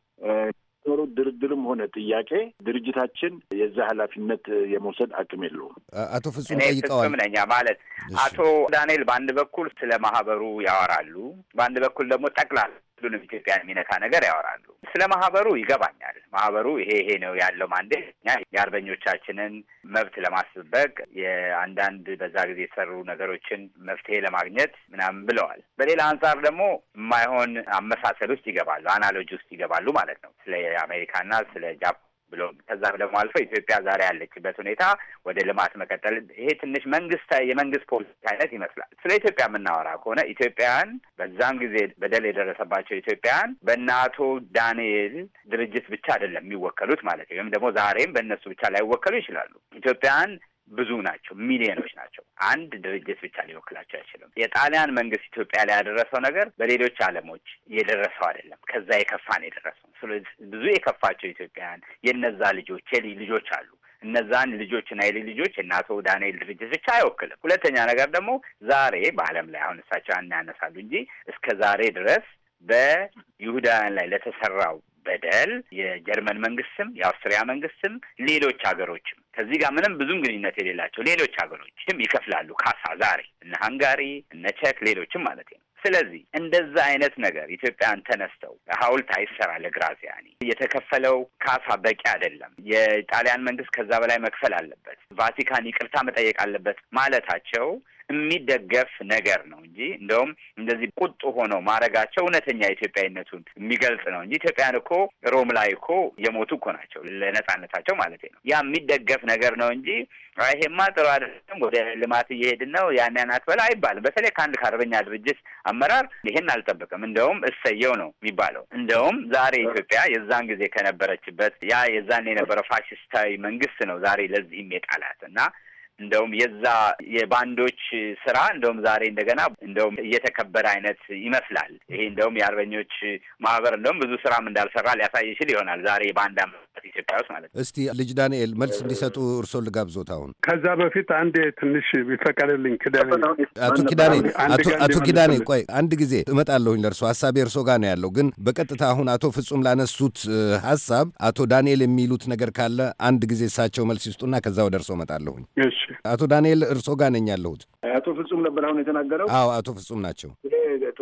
H: ኖሮ ድርድርም ሆነ ጥያቄ ድርጅታችን የዛ ኃላፊነት የመውሰድ አቅም የለውም።
B: አቶ ፍጹም ጠይቀዋል ነኛ ማለት አቶ
H: ዳንኤል በአንድ በኩል ስለ
F: ማህበሩ ያወራሉ፣ በአንድ በኩል ደግሞ ጠቅላላ ሁሉንም ኢትዮጵያ የሚነካ ነገር ያወራሉ። ስለ ማህበሩ ይገባኛል። ማህበሩ ይሄ ይሄ ነው ያለው ማንዴት የአርበኞቻችንን መብት ለማስበቅ የአንዳንድ በዛ ጊዜ የተሰሩ ነገሮችን መፍትሄ ለማግኘት ምናምን ብለዋል። በሌላ አንጻር ደግሞ የማይሆን አመሳሰል ውስጥ ይገባሉ፣ አናሎጂ ውስጥ ይገባሉ ማለት ነው ስለ አሜሪካና ስለ ጃፓን ብሎ ከዛም ደግሞ አልፎ ኢትዮጵያ ዛሬ ያለችበት ሁኔታ ወደ ልማት መቀጠል፣ ይሄ ትንሽ መንግስት የመንግስት ፖለቲካ አይነት ይመስላል። ስለ ኢትዮጵያ የምናወራ ከሆነ ኢትዮጵያን በዛም ጊዜ በደል የደረሰባቸው ኢትዮጵያን በእነ አቶ ዳንኤል ድርጅት ብቻ አይደለም የሚወከሉት ማለት ወይም ደግሞ ዛሬም በእነሱ ብቻ ላይወከሉ ይችላሉ። ኢትዮጵያን ብዙ ናቸው፣ ሚሊዮኖች ናቸው። አንድ ድርጅት ብቻ ሊወክላቸው አይችልም። የጣሊያን መንግስት ኢትዮጵያ ላይ ያደረሰው ነገር በሌሎች ዓለሞች የደረሰው አይደለም። ከዛ የከፋ ነው የደረሰው። ስለዚህ ብዙ የከፋቸው ኢትዮጵያውያን የነዛ ልጆች የልጅ ልጆች አሉ። እነዛን ልጆችና የልጅ ልጆች እናቶ ዳንኤል ድርጅት ብቻ አይወክልም። ሁለተኛ ነገር ደግሞ ዛሬ በዓለም ላይ አሁን እሳቸው ያን ያነሳሉ እንጂ እስከ ዛሬ ድረስ በይሁዳውያን ላይ ለተሰራው በደል የጀርመን መንግስትም የአውስትሪያ መንግስትም ሌሎች ሀገሮችም ከዚህ ጋር ምንም ብዙም ግንኙነት የሌላቸው ሌሎች ሀገሮችም ይከፍላሉ ካሳ ዛሬ እነ ሀንጋሪ እነ ቼክ ሌሎችም ማለት ነው። ስለዚህ እንደዛ አይነት ነገር ኢትዮጵያን ተነስተው ሀውልት አይሰራ ለግራዚያኒ የተከፈለው ካሳ በቂ አይደለም፣ የጣሊያን መንግስት ከዛ በላይ መክፈል አለበት፣ ቫቲካን ይቅርታ መጠየቅ አለበት ማለታቸው የሚደገፍ ነገር ነው እንጂ እንደውም እንደዚህ ቁጡ ሆኖ ማድረጋቸው እውነተኛ ኢትዮጵያዊነቱን የሚገልጽ ነው እንጂ ኢትዮጵያን እኮ ሮም ላይ እኮ የሞቱ እኮ ናቸው ለነጻነታቸው ማለት ነው። ያ የሚደገፍ ነገር ነው እንጂ ይሄማ ጥሩ አይደለም፣ ወደ ልማት እየሄድን ነው፣ ያን ያን አትበላ አይባልም። በተለይ ከአንድ ከአርበኛ ድርጅት አመራር ይሄን አልጠበቅም። እንደውም እሰየው ነው የሚባለው። እንደውም ዛሬ ኢትዮጵያ የዛን ጊዜ ከነበረችበት ያ የዛን የነበረው ፋሽስታዊ መንግስት ነው ዛሬ ለዚህም የጣላት እና እንደውም የዛ የባንዶች ስራ እንደውም ዛሬ እንደገና እንደውም እየተከበረ አይነት ይመስላል። ይሄ እንደውም የአርበኞች ማህበር እንደውም ብዙ ስራም እንዳልሰራ ሊያሳይ ይችል ይሆናል ዛሬ በአንድ አመት ኢትዮጵያ ውስጥ ማለት
B: ነው። እስቲ ልጅ ዳንኤል መልስ እንዲሰጡ እርሶ ልጋብዞት። አሁን
I: ከዛ በፊት አንድ ትንሽ ቢፈቀድልኝ ኪዳኔ አቶ ኪዳኔ አቶ ኪዳኔ ቆይ
B: አንድ ጊዜ እመጣለሁኝ ለእርሶ ሀሳቤ እርሶ ጋር ነው ያለው፣ ግን በቀጥታ አሁን አቶ ፍጹም ላነሱት ሀሳብ አቶ ዳንኤል የሚሉት ነገር ካለ አንድ ጊዜ እሳቸው መልስ ይስጡና ከዛ ወደ እርሶ እመጣለሁኝ። አቶ ዳንኤል እርሶ ጋር ነኝ ያለሁት።
H: አቶ ፍጹም ነበር አሁን የተናገረው። አዎ አቶ ፍጹም ናቸው።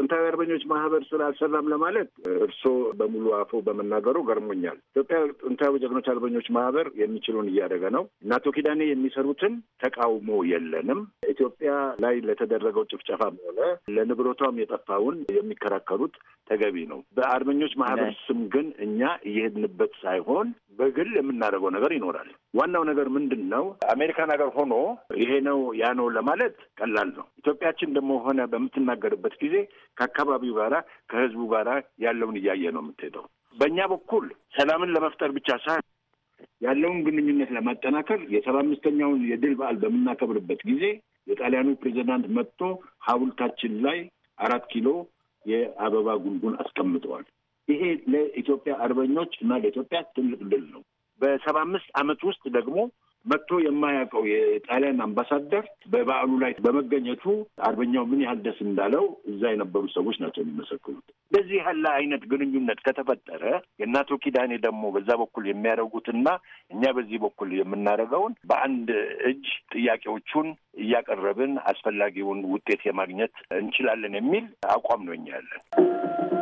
H: ጥንታዊ አርበኞች ማህበር ስላልሰራም ለማለት እርሶ በሙሉ አፎ በመናገሩ ገርሞኛል። ኢትዮጵያ ጥንታዊ ብሔራዊ ጀግኖች አርበኞች ማህበር የሚችሉን እያደረገ ነው እና አቶ ኪዳኔ የሚሰሩትን ተቃውሞ የለንም። ኢትዮጵያ ላይ ለተደረገው ጭፍጨፋም ሆነ ለንብረቷም የጠፋውን የሚከራከሩት ተገቢ ነው። በአርበኞች ማህበር ስም ግን እኛ እየሄድንበት ሳይሆን በግል የምናደርገው ነገር ይኖራል። ዋናው ነገር ምንድን ነው? አሜሪካን ሀገር ሆኖ ይሄ ነው ያ ነው ለማለት ቀላል ነው። ኢትዮጵያችን ደግሞ ሆነ በምትናገርበት ጊዜ ከአካባቢው ጋራ ከህዝቡ ጋራ ያለውን እያየ ነው የምትሄደው። በእኛ በኩል ሰላምን ለመፍጠር ብቻ ሳይሆን ያለውን ግንኙነት ለማጠናከር የሰባ አምስተኛውን የድል በዓል በምናከብርበት ጊዜ የጣሊያኑ ፕሬዚዳንት መጥቶ ሀውልታችን ላይ አራት ኪሎ የአበባ ጉንጉን አስቀምጠዋል። ይሄ ለኢትዮጵያ አርበኞች እና ለኢትዮጵያ ትልቅ ድል ነው። በሰባ አምስት ዓመት ውስጥ ደግሞ መጥቶ የማያውቀው የጣሊያን አምባሳደር በበዓሉ ላይ በመገኘቱ አርበኛው ምን ያህል ደስ እንዳለው እዛ የነበሩ ሰዎች ናቸው የሚመሰክሩት። እንደዚህ ያለ አይነት ግንኙነት ከተፈጠረ የእናቶ ኪዳኔ ደግሞ በዛ በኩል የሚያደርጉትና እኛ በዚህ በኩል የምናደርገውን በአንድ እጅ ጥያቄዎቹን እያቀረብን አስፈላጊውን ውጤት የማግኘት እንችላለን የሚል አቋም ነው እኛ ያለን።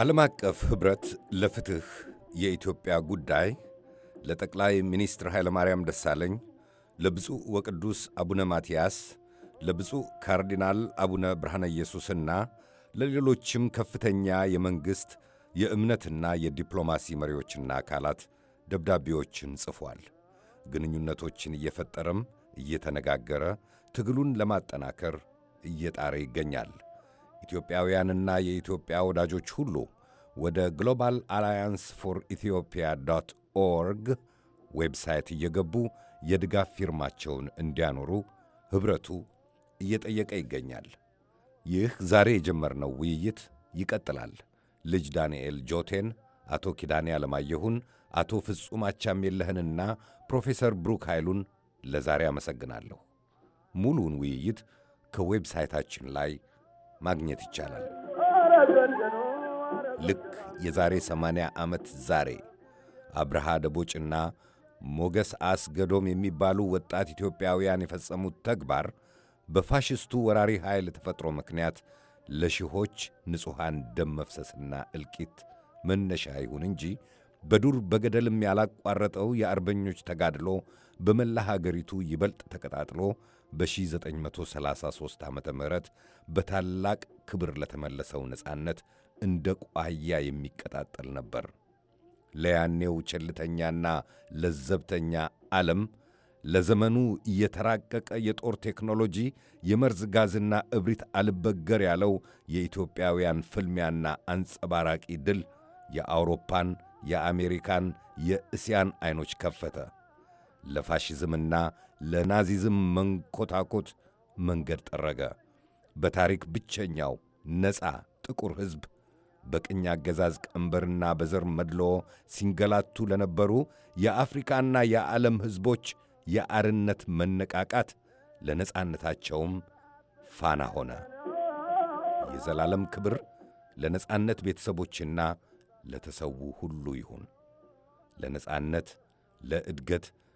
B: ዓለም አቀፍ ኅብረት ለፍትሕ የኢትዮጵያ ጉዳይ ለጠቅላይ ሚኒስትር ኃይለማርያም ደሳለኝ፣ ለብፁዕ ወቅዱስ አቡነ ማትያስ፣ ለብፁዕ ካርዲናል አቡነ ብርሃነ ኢየሱስና ለሌሎችም ከፍተኛ የመንግሥት የእምነትና የዲፕሎማሲ መሪዎችና አካላት ደብዳቤዎችን ጽፏል። ግንኙነቶችን እየፈጠረም እየተነጋገረ ትግሉን ለማጠናከር እየጣረ ይገኛል። ኢትዮጵያውያንና የኢትዮጵያ ወዳጆች ሁሉ ወደ ግሎባል አላያንስ ፎር ኢትዮጵያ ዶት ኦርግ ዌብሳይት እየገቡ የድጋፍ ፊርማቸውን እንዲያኖሩ ኅብረቱ እየጠየቀ ይገኛል። ይህ ዛሬ የጀመርነው ውይይት ይቀጥላል። ልጅ ዳንኤል ጆቴን፣ አቶ ኪዳኔ አለማየሁን፣ አቶ ፍጹም አቻሜለህንና ፕሮፌሰር ብሩክ ኃይሉን ለዛሬ አመሰግናለሁ። ሙሉውን ውይይት ከዌብሳይታችን ላይ ማግኘት ይቻላል። ልክ የዛሬ 80 ዓመት ዛሬ አብርሃ ደቦጭና ሞገስ አስገዶም የሚባሉ ወጣት ኢትዮጵያውያን የፈጸሙት ተግባር በፋሽስቱ ወራሪ ኃይል ተፈጥሮ ምክንያት ለሺዎች ንጹሐን ደም መፍሰስና እልቂት መነሻ ይሁን እንጂ በዱር በገደልም ያላቋረጠው የአርበኞች ተጋድሎ በመላ ሀገሪቱ ይበልጥ ተቀጣጥሎ በ1933 ዓ ም በታላቅ ክብር ለተመለሰው ነፃነት እንደ ቋያ የሚቀጣጠል ነበር። ለያኔው ቸልተኛና ለዘብተኛ ዓለም ለዘመኑ እየተራቀቀ የጦር ቴክኖሎጂ የመርዝ ጋዝና እብሪት አልበገር ያለው የኢትዮጵያውያን ፍልሚያና አንጸባራቂ ድል የአውሮፓን፣ የአሜሪካን፣ የእስያን ዐይኖች ከፈተ። ለፋሽዝምና ለናዚዝም መንኮታኮት መንገድ ጠረገ። በታሪክ ብቸኛው ነፃ ጥቁር ሕዝብ በቅኝ አገዛዝ ቀንበርና በዘር መድሎ ሲንገላቱ ለነበሩ የአፍሪካና የዓለም ሕዝቦች የአርነት መነቃቃት ለነፃነታቸውም ፋና ሆነ። የዘላለም ክብር ለነፃነት ቤተሰቦችና ለተሰዉ ሁሉ ይሁን። ለነፃነት፣ ለእድገት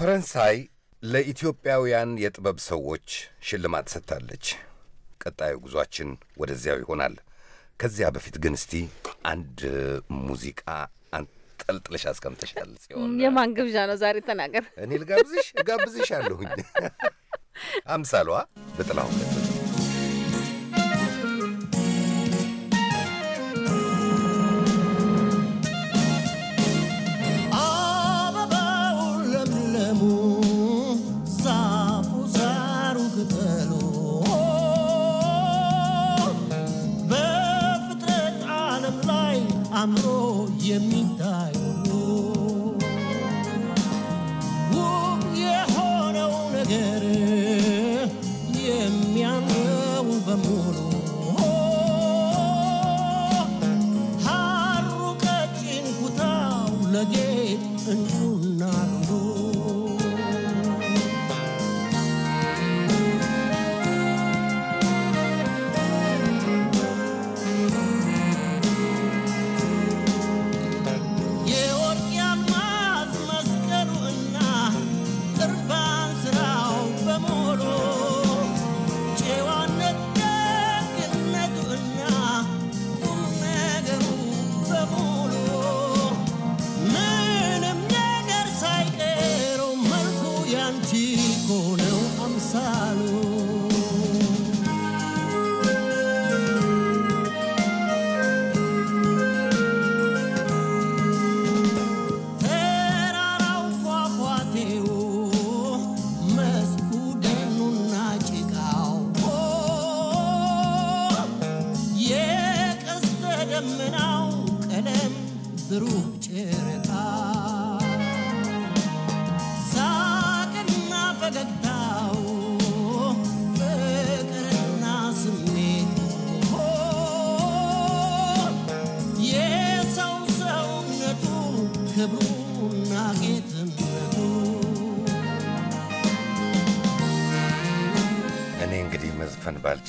B: ፈረንሳይ ለኢትዮጵያውያን የጥበብ ሰዎች ሽልማት ሰጥታለች። ቀጣዩ ጉዟችን ወደዚያው ይሆናል። ከዚያ በፊት ግን እስቲ አንድ ሙዚቃ አንጠልጥለሽ አስቀምጠሻል።
C: ሲሆን የማን ግብዣ ነው ዛሬ? ተናገር። እኔ ልጋብዝሽ?
B: እጋብዝሽ አለሁኝ። አምሳሏ በጥላሁን de mim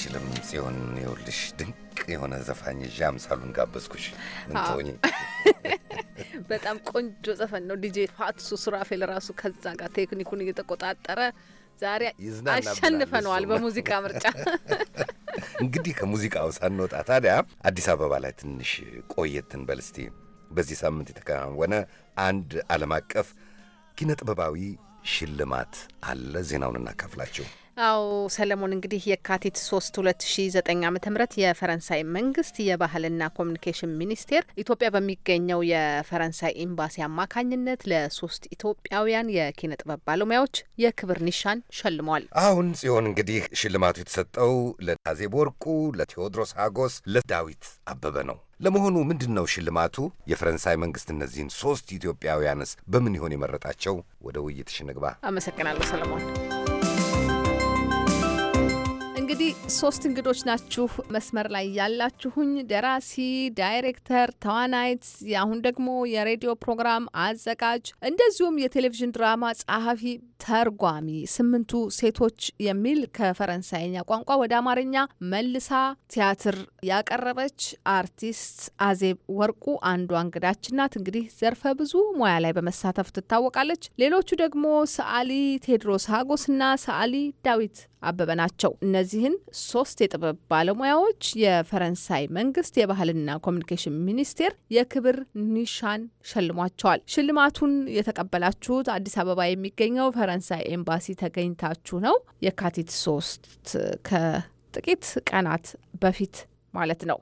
B: አልችልም። ጽዮን ይኸውልሽ ድንቅ የሆነ ዘፋኝ እዣ አምሳሉን ጋበዝኩሽ። ምን
C: በጣም ቆንጆ ዘፈን ነው። ዲጄ ፋትሱ ሱራፌል ራሱ ከዛ ጋር ቴክኒኩን እየተቆጣጠረ ዛሬ አሸንፈነዋል በሙዚቃ ምርጫ።
B: እንግዲህ ከሙዚቃው ሳንወጣ ታዲያ አዲስ አበባ ላይ ትንሽ ቆየትን በልስቲ በዚህ ሳምንት የተከናወነ አንድ ዓለም አቀፍ ኪነ ጥበባዊ ሽልማት አለ። ዜናውን እናካፍላችሁ።
C: አዎ ሰለሞን እንግዲህ የካቲት ሶስት ሁለት ሺ ዘጠኝ የፈረንሳይ መንግስት የባህልና ኮሚኒኬሽን ሚኒስቴር ኢትዮጵያ በሚገኘው የፈረንሳይ ኤምባሲ አማካኝነት ለሶስት ኢትዮጵያውያን የኪነ ጥበብ ባለሙያዎች የክብር ኒሻን ሸልሟል።
B: አሁን ጽዮን እንግዲህ ሽልማቱ የተሰጠው ለታዜብ ወርቁ፣ ለቴዎድሮስ ሀጎስ፣ ለዳዊት አበበ ነው። ለመሆኑ ምንድን ነው ሽልማቱ? የፈረንሳይ መንግስት እነዚህን ሶስት ኢትዮጵያውያንስ በምን ይሆን የመረጣቸው? ወደ ውይይትሽ ንግባ።
C: አመሰግናለሁ ሰለሞን። እንግዲህ ሶስት እንግዶች ናችሁ መስመር ላይ ያላችሁኝ፣ ደራሲ፣ ዳይሬክተር፣ ተዋናይት አሁን ደግሞ የሬዲዮ ፕሮግራም አዘጋጅ እንደዚሁም የቴሌቪዥን ድራማ ጸሐፊ ተርጓሚ ስምንቱ ሴቶች የሚል ከፈረንሳይኛ ቋንቋ ወደ አማርኛ መልሳ ቲያትር ያቀረበች አርቲስት አዜብ ወርቁ አንዷ እንግዳችን ናት። እንግዲህ ዘርፈ ብዙ ሙያ ላይ በመሳተፍ ትታወቃለች። ሌሎቹ ደግሞ ሰዓሊ ቴድሮስ ሀጎስና ሰዓሊ ዳዊት አበበ ናቸው። እነዚህን ሶስት የጥበብ ባለሙያዎች የፈረንሳይ መንግስት የባህልና ኮሚኒኬሽን ሚኒስቴር የክብር ኒሻን ሸልሟቸዋል። ሽልማቱን የተቀበላችሁት አዲስ አበባ የሚገኘው በፈረንሳይ ኤምባሲ ተገኝታችሁ ነው የካቲት ሶስት ከጥቂት ቀናት በፊት ማለት ነው።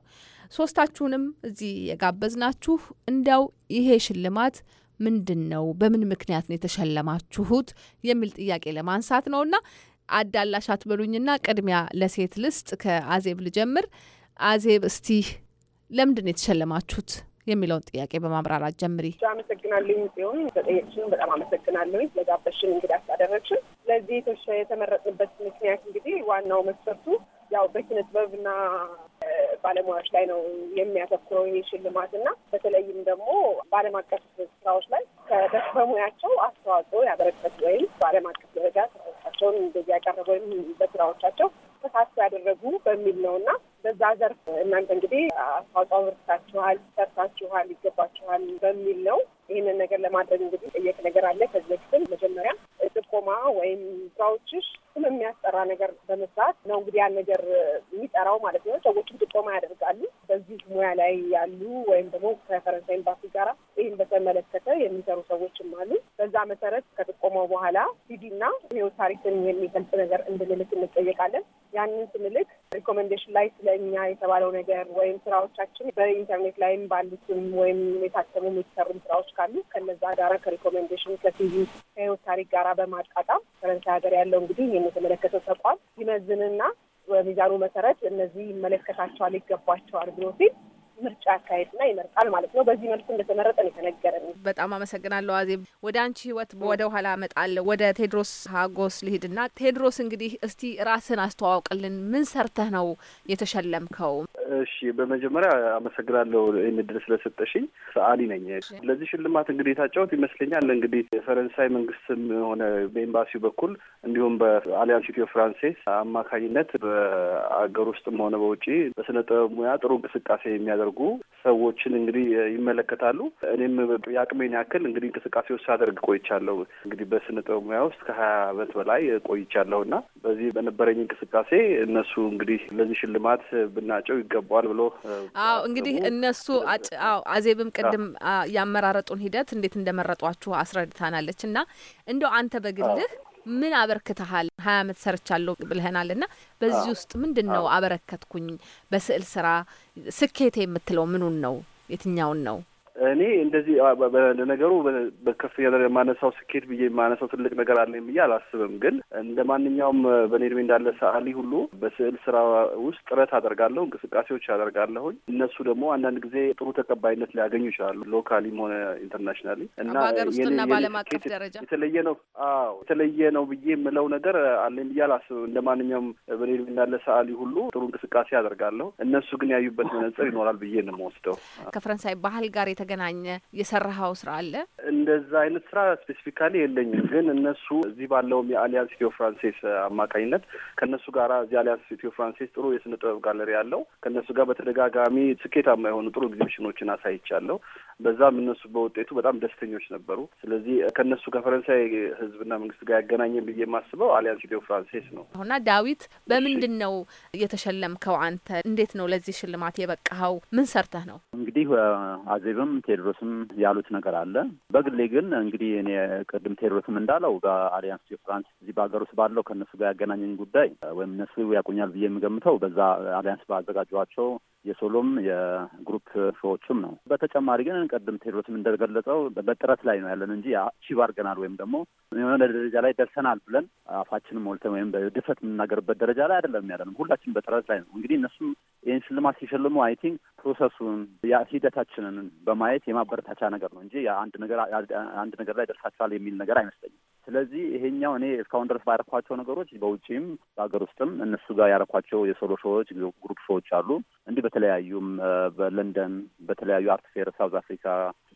C: ሶስታችሁንም እዚህ የጋበዝናችሁ እንዲያው ይሄ ሽልማት ምንድን ነው፣ በምን ምክንያት ነው የተሸለማችሁት የሚል ጥያቄ ለማንሳት ነውና አዳላሽ አትበሉኝና ቅድሚያ ለሴት ልስጥ። ከአዜብ ልጀምር። አዜብ እስቲ ለምንድን ነው የተሸለማችሁት? የሚለውን ጥያቄ በማብራራት ጀምሪ።
G: አመሰግናለኝ ሲሆን ተጠየቅሽን በጣም አመሰግናለኝ ስለጋበሽን እንግዲህ አስታደረግሽን። ለዚህ የተመረጥንበት ምክንያት እንግዲህ ዋናው መስፈርቱ ያው በኪነ ጥበብና ባለሙያዎች ላይ ነው የሚያተኩረው ይህ ሽልማት እና በተለይም ደግሞ በዓለም አቀፍ ስራዎች ላይ በሙያቸው አስተዋጽኦ ያበረከቱ ወይም በዓለም አቀፍ ደረጃ ተሰጣቸውን እንደዚህ ያቀረበ ወይም በስራዎቻቸው ተሳትፎ ያደረጉ በሚል ነው እና በዛ ዘርፍ እናንተ እንግዲህ አስተዋጽኦ አበርክታችኋል፣ ሰርታችኋል፣ ይገባችኋል በሚል ነው ይህንን ነገር ለማድረግ እንግዲህ ጠየቅ ነገር አለ። ከዚህ በፊትም መጀመሪያ ጥቆማ ወይም ስራዎችሽ ስም የሚያስጠራ ነገር በመስራት ነው እንግዲህ ያን ነገር የሚጠራው ማለት ነው። ሰዎችም ጥቆማ ያደርጋሉ። በዚህ ሙያ ላይ ያሉ ወይም ደግሞ ከፈረንሳይ ኤምባሲ ጋር ይህን በተመለከተ የሚሰሩ ሰዎችም አሉ። በዛ መሰረት ከጥቆማው በኋላ ሲዲ ህይወት ታሪክን የሚገልጽ ነገር እንድንልክ እንጠየቃለን። ያንን ስንልክ ሪኮሜንዴሽን ላይ ስለ እኛ የተባለው ነገር ወይም ስራዎቻችን በኢንተርኔት ላይም ባሉትም ወይም የታተሙም የተሰሩም ስራዎች ካሉ ከነዛ ጋራ ከሪኮሜንዴሽን ከሲቪ ከህይወት ታሪክ ጋራ በማጣጣም ፈረንሳይ ሀገር ያለው እንግዲህ ይህን የተመለከተው ተቋም ይመዝንና በሚዛኑ መሰረት እነዚህ ይመለከታቸዋል፣ ይገባቸዋል ብሎ ሲል ምርጫ ያካሄድና ይመርጣል ማለት ነው። በዚህ መልኩ እንደተመረጠ ነው የተነገረን።
C: በጣም አመሰግናለሁ አዜብ። ወደ አንቺ ህይወት ወደ ኋላ እመጣለሁ። ወደ ቴድሮስ ሀጎስ ልሂድና ቴድሮስ እንግዲህ እስቲ ራስን አስተዋውቅልን። ምን ሰርተህ ነው የተሸለምከው?
K: እሺ፣ በመጀመሪያ አመሰግናለሁ ይህን ድል ስለሰጠሽኝ። ሰአሊ ነኝ። ለዚህ ሽልማት እንግዲህ የታጫሁት ይመስለኛል እንግዲህ የፈረንሳይ መንግስትም ሆነ በኤምባሲው በኩል እንዲሁም በአሊያንስ ኢትዮ ፍራንሴስ አማካኝነት በአገር ውስጥም ሆነ በውጪ በስነ ጥበብ ሙያ ጥሩ እንቅስቃሴ የሚያደርጉ ሰዎችን እንግዲህ ይመለከታሉ። እኔም የአቅሜን ያክል እንግዲህ እንቅስቃሴ ውስጥ ሳደርግ ቆይቻለሁ። እንግዲህ በስነ ጥበብ ሙያ ውስጥ ከሀያ አመት በላይ ቆይቻለሁ እና በዚህ በነበረኝ እንቅስቃሴ እነሱ እንግዲህ ለዚህ ሽልማት ብናጨው ይገባል ይገባዋል ብሎ
C: አዎ እንግዲህ እነሱ አዎ አዜብም ቅድም ያመራረጡን ሂደት እንዴት እንደመረጧችሁ አስረድታናለች። እና እንደው አንተ በግልህ ምን አበርክተሃል? ሀያ አመት ሰርቻለሁ ብልህናል እና በዚህ ውስጥ ምንድን ነው አበረከትኩኝ በስዕል ስራ ስኬቴ የምትለው ምኑን ነው? የትኛውን ነው?
K: እኔ እንደዚህ ለነገሩ በከፍተኛ ደረጃ የማነሳው ስኬት ብዬ የማነሳው ትልቅ ነገር አለኝ ብዬ አላስብም። ግን እንደ ማንኛውም በእኔ እንዳለ ሰዓሊ ሁሉ በስዕል ስራ ውስጥ ጥረት አደርጋለሁ፣ እንቅስቃሴዎች አደርጋለሁኝ። እነሱ ደግሞ አንዳንድ ጊዜ ጥሩ ተቀባይነት ሊያገኙ ይችላሉ፣ ሎካሊም ሆነ ኢንተርናሽናሊ እና በዓለም አቀፍ ደረጃ የተለየ ነው። አዎ የተለየ ነው ብዬ የምለው ነገር አለኝ ብዬ አላስብም። እንደ ማንኛውም በእኔ እንዳለ ሰዓሊ ሁሉ ጥሩ እንቅስቃሴ አደርጋለሁ። እነሱ ግን ያዩበት መነጽር ይኖራል ብዬ ነው የምወስደው
C: ከፈረንሳይ ባህል ጋር የተገናኘ የሰራኸው ስራ አለ? እንደዛ አይነት ስራ
K: ስፔሲፊካሊ የለኝም፣ ግን እነሱ እዚህ ባለውም የአሊያንስ ኢትዮ ፍራንሴስ አማካኝነት ከእነሱ ጋር እዚህ አሊያንስ ኢትዮ ፍራንሴስ ጥሩ የስነ ጥበብ ጋለሪ ያለው ከእነሱ ጋር በተደጋጋሚ ስኬታማ የሆኑ ጥሩ ኤግዚቢሽኖችን አሳይቻለሁ። በዛም እነሱ በውጤቱ በጣም ደስተኞች ነበሩ። ስለዚህ ከእነሱ ከፈረንሳይ ህዝብና መንግስት ጋር ያገናኘን ብዬ የማስበው አሊያንስ ኢትዮ ፍራንሴስ ነው።
C: እና ዳዊት በምንድን ነው የተሸለምከው? አንተ እንዴት ነው ለዚህ ሽልማት የበቃኸው? ምን ሰርተህ ነው?
L: እንግዲህ አዜብም ቴድሮስም ያሉት ነገር አለ። በግሌ ግን እንግዲህ እኔ ቅድም ቴድሮስም እንዳለው በአሊያንስ ፍራንስ እዚህ በሀገር ውስጥ ባለው ከእነሱ ጋር ያገናኘኝ ጉዳይ ወይም እነሱ ያቁኛል ብዬ የምገምተው በዛ አሊያንስ ባዘጋጇቸው የሶሎም የግሩፕ ሾዎችም ነው። በተጨማሪ ግን ቅድም ቴድሮስም እንደገለጸው በጥረት ላይ ነው ያለን እንጂ አቺቭ አድርገናል ወይም ደግሞ የሆነ ደረጃ ላይ ደርሰናል ብለን አፋችንም ሞልተን ወይም በድፈት የምናገርበት ደረጃ ላይ አይደለም ያለንም። ሁላችን በጥረት ላይ ነው። እንግዲህ እነሱም ይህን ሽልማት ሲሸልሙ አይ ቲንክ ፕሮሰሱን ሂደታችንን በማየት የማበረታቻ ነገር ነው እንጂ አንድ ነገር አንድ ነገር ላይ ደርሳችኋል የሚል ነገር አይመስለኝም። ስለዚህ ይሄኛው እኔ እስካሁን ድረስ ባያረኳቸው ነገሮች በውጪም በሀገር ውስጥም እነሱ ጋር ያረኳቸው የሶሎ ሾዎች፣ ግሩፕ ሾዎች አሉ። እንዲህ በተለያዩም በለንደን በተለያዩ አርት ፌር ሳውዝ አፍሪካ፣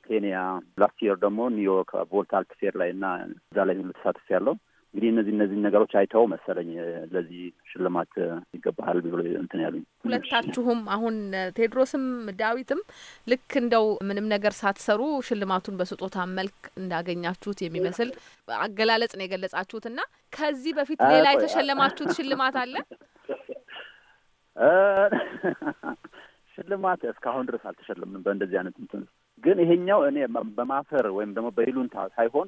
L: ኬንያ፣ ላስት የር ደግሞ ኒውዮርክ ቮልት አርት ፌር ላይ እና እዛ ላይ ተሳትፍ ያለው እንግዲህ እነዚህ እነዚህን ነገሮች አይተው መሰለኝ ለዚህ ሽልማት ይገባሃል ብሎ እንትን ያሉኝ።
C: ሁለታችሁም አሁን ቴድሮስም ዳዊትም ልክ እንደው ምንም ነገር ሳትሰሩ ሽልማቱን በስጦታ መልክ እንዳገኛችሁት የሚመስል አገላለጽ ነው የገለጻችሁት። እና ከዚህ በፊት ሌላ የተሸለማችሁት ሽልማት አለ? ሽልማት እስካሁን
L: ድረስ አልተሸለምንም በእንደዚህ አይነት እንትን ግን ይሄኛው እኔ በማፈር ወይም ደግሞ በይሉንታ ሳይሆን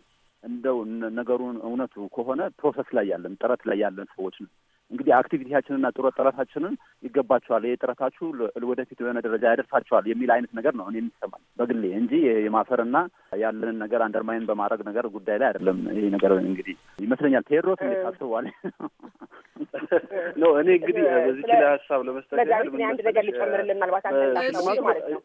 L: እንደው ነገሩን እውነቱ ከሆነ ፕሮሰስ ላይ ያለን ጥረት ላይ ያለን ሰዎች ነው። እንግዲህ አክቲቪቲያችንና ጥረ ጥረታችንን ይገባቸዋል፣ ይህ ጥረታችሁ ወደፊት የሆነ ደረጃ ያደርሳቸዋል የሚል አይነት ነገር ነው እኔ የሚሰማኝ በግሌ እንጂ የማፈርና ያለንን ነገር አንደርማይን በማድረግ ነገር ጉዳይ ላይ አይደለም። ይሄ ነገር እንግዲህ ይመስለኛል ቴድሮስ እንዴት አስበዋል? ነው እኔ እንግዲህ በዚህ ላይ ሀሳብ ለመስጠት
G: ያህል አንድ ነገር ሊጨምርልን ምናልባት ማለት
J: ነው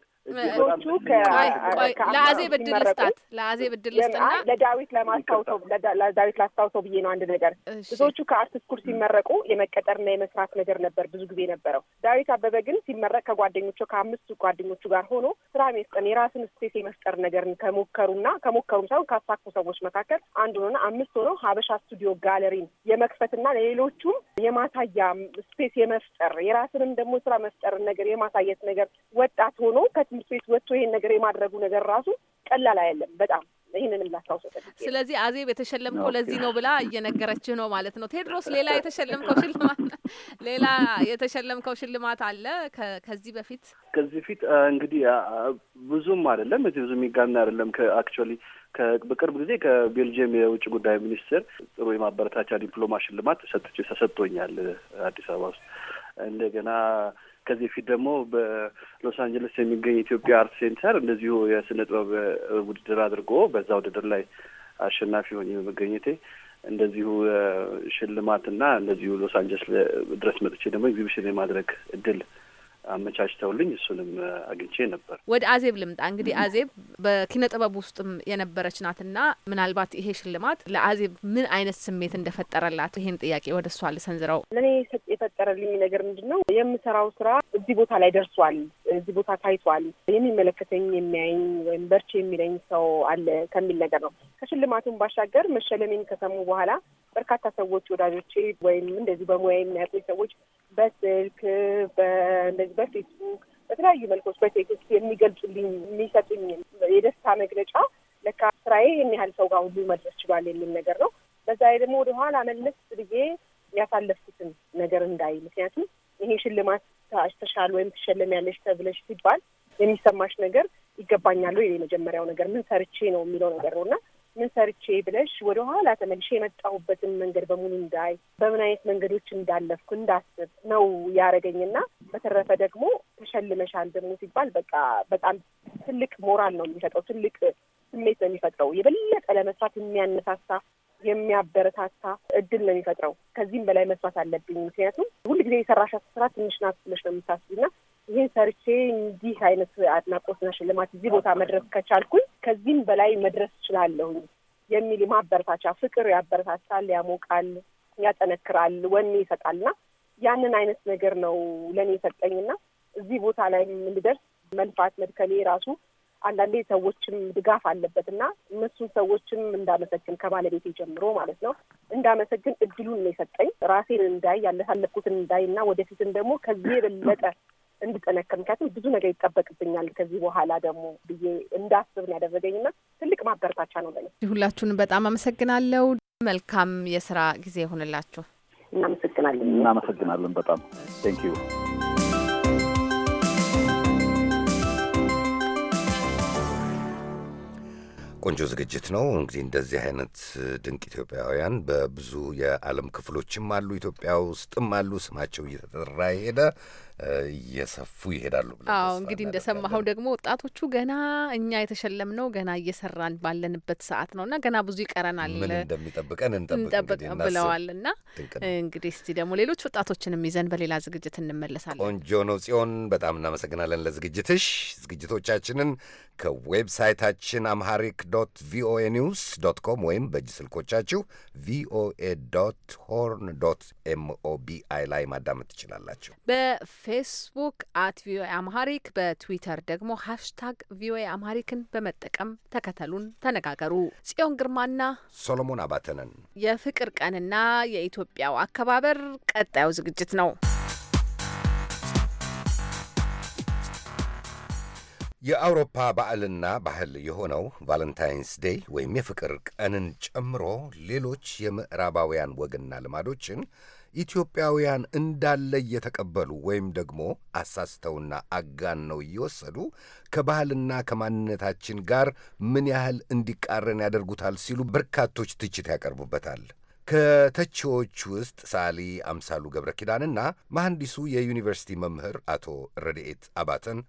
C: ለአዜብ እድል ልስጣት ለአዜብ እድል ልስጥና ለዳዊት
G: ለማስታውሰው ለዳዊት ላስታውሰው ብዬ ነው አንድ ነገር። ብዙዎቹ ከአርት ስኩል ሲመረቁ የመቀጠርና የመስራት ነገር ነበር ብዙ ጊዜ ነበረው። ዳዊት አበበ ግን ሲመረቅ ከጓደኞቹ ከአምስቱ ጓደኞቹ ጋር ሆኖ ስራ መስጠን የራስን ስፔስ የመፍጠር ነገርን ከሞከሩና ከሞከሩም ሳይሆን ካሳኩ ሰዎች መካከል አንዱ ሆነ አምስት ሆነው ሀበሻ ስቱዲዮ ጋለሪን የመክፈትና ለሌሎቹም የማሳያ ስፔስ የመፍጠር የራስንም ደግሞ ስራ መፍጠርን ነገር የማሳየት ነገር ወጣት ሆኖ ከትምህርት ቤት ወጥቶ ይሄን ነገር የማድረጉ ነገር ራሱ ቀላል አይደለም በጣም ይህንንም ላስታውሰው።
C: ስለዚህ አዜብ የተሸለምከው ለዚህ ነው ብላ እየነገረችህ ነው ማለት ነው። ቴድሮስ፣ ሌላ የተሸለምከው ሽልማት ሌላ የተሸለምከው ሽልማት አለ ከዚህ በፊት
K: ከዚህ በፊት እንግዲህ ብዙም አይደለም እዚህ ብዙ የሚጋና አይደለም ከአክቹዋሊ በቅርብ ጊዜ ከቤልጅየም የውጭ ጉዳይ ሚኒስትር ጥሩ የማበረታቻ ዲፕሎማ ሽልማት ተሰጥቶኛል አዲስ አበባ ውስጥ እንደገና ከዚህ በፊት ደግሞ በሎስ አንጀለስ የሚገኝ ኢትዮጵያ አርት ሴንተር እንደዚሁ የስነ ጥበብ ውድድር አድርጎ በዛ ውድድር ላይ አሸናፊ ሆኜ በመገኘቴ እንደዚሁ ሽልማትና እንደዚሁ ሎስ አንጀለስ ድረስ መጥቼ ደግሞ ኤግዚቢሽን የማድረግ እድል አመቻችተውልኝ እሱንም አግኝቼ ነበር።
C: ወደ አዜብ ልምጣ። እንግዲህ አዜብ በኪነ ጥበብ ውስጥም የነበረች ናትና ምናልባት ይሄ ሽልማት ለአዜብ ምን አይነት ስሜት እንደፈጠረላት ይሄን ጥያቄ ወደ እሷ ልሰንዝረው። ለእኔ
G: የፈጠረልኝ ነገር ምንድን ነው የምሰራው ስራ እዚህ ቦታ ላይ ደርሷል፣ እዚህ ቦታ ታይቷል፣ የሚመለከተኝ የሚያይኝ ወይም በርቼ የሚለኝ ሰው አለ ከሚል ነገር ነው። ከሽልማቱን ባሻገር መሸለሜን ከሰሙ በኋላ በርካታ ሰዎች ወዳጆቼ፣ ወይም እንደዚህ በሙያ የሚያውቁኝ ሰዎች በስልክ በእንደዚህ በሜሴጅ በፌስቡክ በተለያዩ መልኮች በቴክስት የሚገልጹልኝ የሚሰጡኝ የደስታ መግለጫ ለካ ስራዬ ይህን ያህል ሰው ጋር ሁሉ መድረስ ችሏል የሚል ነገር ነው። በዛ ላይ ደግሞ ወደኋላ መለስ ብዬ ያሳለፍኩትን ነገር እንዳይ፣ ምክንያቱም ይሄ ሽልማት ተሻል ወይም ትሸለሚያለሽ ተብለሽ ሲባል የሚሰማሽ ነገር ይገባኛል ወይ የመጀመሪያው ነገር ምን ሰርቼ ነው የሚለው ነገር ነው እና ምን ሰርቼ ብለሽ ወደ ኋላ ተመልሼ የመጣሁበትን መንገድ በሙሉ እንዳይ በምን አይነት መንገዶች እንዳለፍኩ እንዳስብ ነው ያደረገኝና በተረፈ ደግሞ ተሸልመሻል ደግሞ ሲባል በቃ በጣም ትልቅ ሞራል ነው የሚሰጠው፣ ትልቅ ስሜት ነው የሚፈጥረው። የበለጠ ለመስራት የሚያነሳሳ የሚያበረታታ እድል ነው የሚፈጥረው። ከዚህም በላይ መስራት አለብኝ፣ ምክንያቱም ሁልጊዜ የሰራሻት ስራ ትንሽ ናት ብለሽ ነው የምታስቢና ይህን ሰርቼ እንዲህ አይነት አድናቆትና ሽልማት እዚህ ቦታ መድረስ ከቻልኩኝ ከዚህም በላይ መድረስ እችላለሁ የሚል ማበረታቻ ፍቅር ያበረታታል፣ ያሞቃል፣ ያጠነክራል፣ ወኔ ይሰጣልና ያንን አይነት ነገር ነው ለእኔ የሰጠኝና እዚህ ቦታ ላይ እንድደርስ መልፋት መድከሌ ራሱ አንዳንዴ ሰዎችም ድጋፍ አለበት እና እነሱን ሰዎችም እንዳመሰግን ከባለቤቴ ጀምሮ ማለት ነው እንዳመሰግን እድሉን ነው የሰጠኝ። ራሴን እንዳይ ያለሳለፍኩትን እንዳይ እና ወደፊትን ደግሞ ከዚህ የበለጠ እንድጠነክር ምክንያቱም ብዙ ነገር ይጠበቅብኛል ከዚህ በኋላ ደግሞ ብዬ እንዳስብ ያደረገኝና ትልቅ ማበረታቻ ነው ለኔ።
C: ሁላችሁንም በጣም አመሰግናለሁ። መልካም የስራ ጊዜ ይሆንላችሁ። እናመሰግናለን።
B: እናመሰግናለን በጣም ቴንክ ዩ። ቆንጆ ዝግጅት ነው እንግዲህ እንደዚህ አይነት ድንቅ ኢትዮጵያውያን በብዙ የዓለም ክፍሎችም አሉ፣ ኢትዮጵያ ውስጥም አሉ። ስማቸው እየተጠራ ሄደ። እየሰፉ ይሄዳሉ።
C: አዎ እንግዲህ እንደሰማኸው ደግሞ ወጣቶቹ ገና እኛ የተሸለምነው ገና እየሰራን ባለንበት ሰዓት ነው እና ገና ብዙ ይቀረናል። ምን
B: እንደሚጠብቀን እንጠብቅ ብለዋል
C: እና እንግዲህ እስቲ ደግሞ ሌሎች ወጣቶችንም ይዘን በሌላ ዝግጅት እንመለሳለን።
B: ቆንጆ ነው ጽዮን፣ በጣም እናመሰግናለን ለዝግጅትሽ። ዝግጅቶቻችንን ከዌብሳይታችን አምሃሪክ ዶት ቪኦኤ ኒውስ ዶት ኮም ወይም በእጅ ስልኮቻችሁ ቪኦኤ ዶት ሆርን ዶት ኤምኦቢአይ ላይ ማዳመጥ ትችላላችሁ።
C: በፌስቡክ አት ቪኦኤ አምሃሪክ፣ በትዊተር ደግሞ ሀሽታግ ቪኦኤ አምሃሪክን በመጠቀም ተከተሉን፣ ተነጋገሩ። ጽዮን ግርማና
B: ሶሎሞን አባተነን።
C: የፍቅር ቀንና የኢትዮጵያው አከባበር ቀጣዩ ዝግጅት ነው።
B: የአውሮፓ በዓልና ባህል የሆነው ቫለንታይንስ ዴይ ወይም የፍቅር ቀንን ጨምሮ ሌሎች የምዕራባውያን ወግና ልማዶችን ኢትዮጵያውያን እንዳለ እየተቀበሉ ወይም ደግሞ አሳስተውና አጋን ነው እየወሰዱ ከባህልና ከማንነታችን ጋር ምን ያህል እንዲቃረን ያደርጉታል ሲሉ በርካቶች ትችት ያቀርቡበታል። ከተቺዎች ውስጥ ሳሊ አምሳሉ ገብረ ኪዳንና መሐንዲሱ የዩኒቨርሲቲ መምህር አቶ ረድኤት አባተን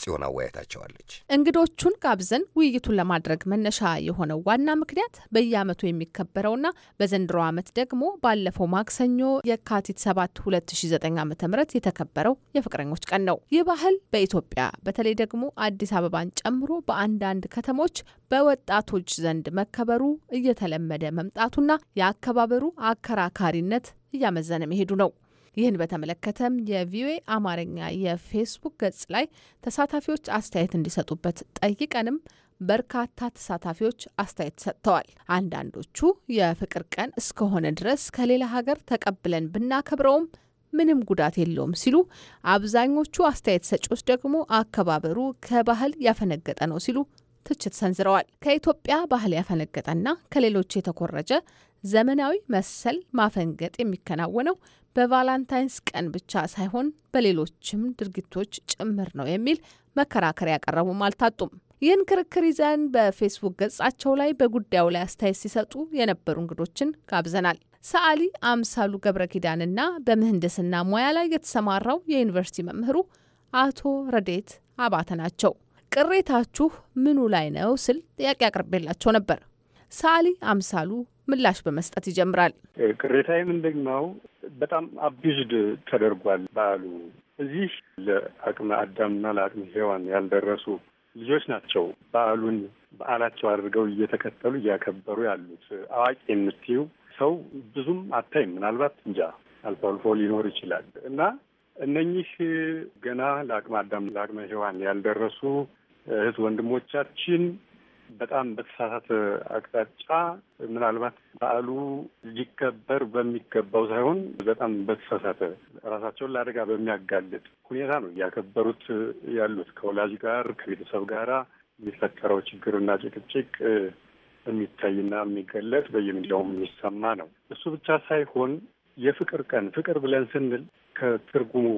B: ጽዮን አወያየታቸዋለች።
C: እንግዶቹን ጋብዘን ውይይቱን ለማድረግ መነሻ የሆነው ዋና ምክንያት በየዓመቱ የሚከበረውና በዘንድሮ ዓመት ደግሞ ባለፈው ማክሰኞ የካቲት 7 2009 ዓ ም የተከበረው የፍቅረኞች ቀን ነው። ይህ ባህል በኢትዮጵያ በተለይ ደግሞ አዲስ አበባን ጨምሮ በአንዳንድ ከተሞች በወጣቶች ዘንድ መከበሩ እየተለመደ መምጣቱና የአከባበሩ አከራካሪነት እያመዘነ መሄዱ ነው። ይህን በተመለከተም የቪኦኤ አማርኛ የፌስቡክ ገጽ ላይ ተሳታፊዎች አስተያየት እንዲሰጡበት ጠይቀንም በርካታ ተሳታፊዎች አስተያየት ሰጥተዋል። አንዳንዶቹ የፍቅር ቀን እስከሆነ ድረስ ከሌላ ሀገር ተቀብለን ብናከብረውም ምንም ጉዳት የለውም ሲሉ፣ አብዛኞቹ አስተያየት ሰጪዎች ደግሞ አከባበሩ ከባህል ያፈነገጠ ነው ሲሉ ትችት ሰንዝረዋል። ከኢትዮጵያ ባህል ያፈነገጠና ከሌሎች የተኮረጀ ዘመናዊ መሰል ማፈንገጥ የሚከናወነው በቫላንታይንስ ቀን ብቻ ሳይሆን በሌሎችም ድርጊቶች ጭምር ነው የሚል መከራከሪያ ያቀረቡም አልታጡም። ይህን ክርክር ይዘን በፌስቡክ ገጻቸው ላይ በጉዳዩ ላይ አስተያየት ሲሰጡ የነበሩ እንግዶችን ጋብዘናል። ሰዓሊ አምሳሉ ገብረ ኪዳንና በምህንድስና ሙያ ላይ የተሰማራው የዩኒቨርሲቲ መምህሩ አቶ ረዴት አባተ ናቸው። ቅሬታችሁ ምኑ ላይ ነው ስል ጥያቄ አቅርቤላቸው ነበር። ሰዓሊ አምሳሉ ምላሽ በመስጠት ይጀምራል።
D: ቅሬታ ምንድን ነው? በጣም አቢዝድ ተደርጓል ባሉ እዚህ ለአቅመ አዳምና ለአቅመ ሔዋን ያልደረሱ ልጆች ናቸው በዓሉን በዓላቸው አድርገው እየተከተሉ እያከበሩ ያሉት። አዋቂ የምትዩ ሰው ብዙም አታይም። ምናልባት እንጃ አልፎ አልፎ ሊኖር ይችላል እና እነኚህ ገና ለአቅመ አዳም ለአቅመ ሔዋን ያልደረሱ እህት ወንድሞቻችን በጣም በተሳሳተ አቅጣጫ ምናልባት በዓሉ ሊከበር በሚገባው ሳይሆን በጣም በተሳሳተ ራሳቸውን ለአደጋ በሚያጋልጥ ሁኔታ ነው እያከበሩት ያሉት። ከወላጅ ጋር ከቤተሰብ ጋራ የሚፈጠረው ችግርና ጭቅጭቅ የሚታይና የሚገለጥ በየሚዲያውም የሚሰማ ነው። እሱ ብቻ ሳይሆን የፍቅር ቀን ፍቅር ብለን ስንል ከትርጉሙ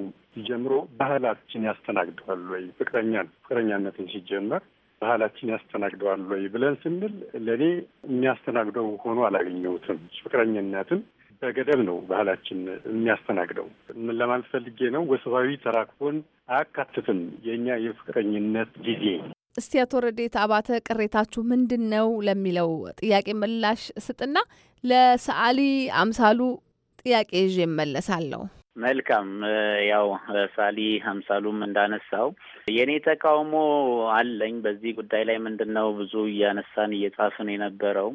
D: ጀምሮ ባህላችን ያስተናግደዋል ወይ? ፍቅረኛን ፍቅረኛነትን ሲጀመር ባህላችን ያስተናግደዋል ወይ ብለን ስንል ለእኔ የሚያስተናግደው ሆኖ አላገኘሁትም። ፍቅረኝነትን በገደብ ነው ባህላችን የሚያስተናግደው። ምን ለማለት ፈልጌ ነው? ወሰባዊ ተራክቦን አያካትትም የእኛ የፍቅረኝነት ጊዜ።
C: እስቲ አቶ ረዴት አባተ ቅሬታችሁ ምንድን ነው ለሚለው ጥያቄ ምላሽ ስጥና ለሰዓሊ አምሳሉ ጥያቄ ይዤ እመለሳለሁ።
E: መልካም ያው ሳሊ ሀምሳሉም እንዳነሳው የእኔ ተቃውሞ አለኝ በዚህ ጉዳይ ላይ ምንድን ነው ብዙ እያነሳን እየጻፍን የነበረው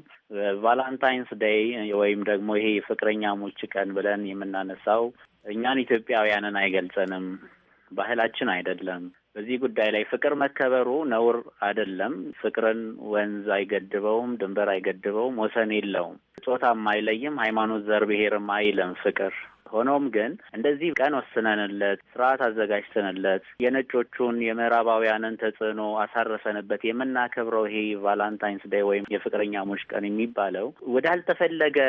E: ቫላንታይንስ ዴይ ወይም ደግሞ ይሄ ሙች ቀን ብለን የምናነሳው እኛን ኢትዮጵያውያንን አይገልጸንም፣ ባህላችን አይደለም። በዚህ ጉዳይ ላይ ፍቅር መከበሩ ነውር አይደለም። ፍቅርን ወንዝ አይገድበውም፣ ድንበር አይገድበውም፣ ወሰን የለውም፣ ጾታም አይለይም፣ ሃይማኖት፣ ዘር፣ ብሔርም አይለም ፍቅር ሆኖም ግን እንደዚህ ቀን ወስነንለት ስርዓት አዘጋጅተንለት የነጮቹን የምዕራባውያንን ተጽዕኖ አሳረሰንበት የምናከብረው ይሄ ቫላንታይንስ ዴይ ወይም የፍቅረኛሞች ቀን የሚባለው ወዳልተፈለገ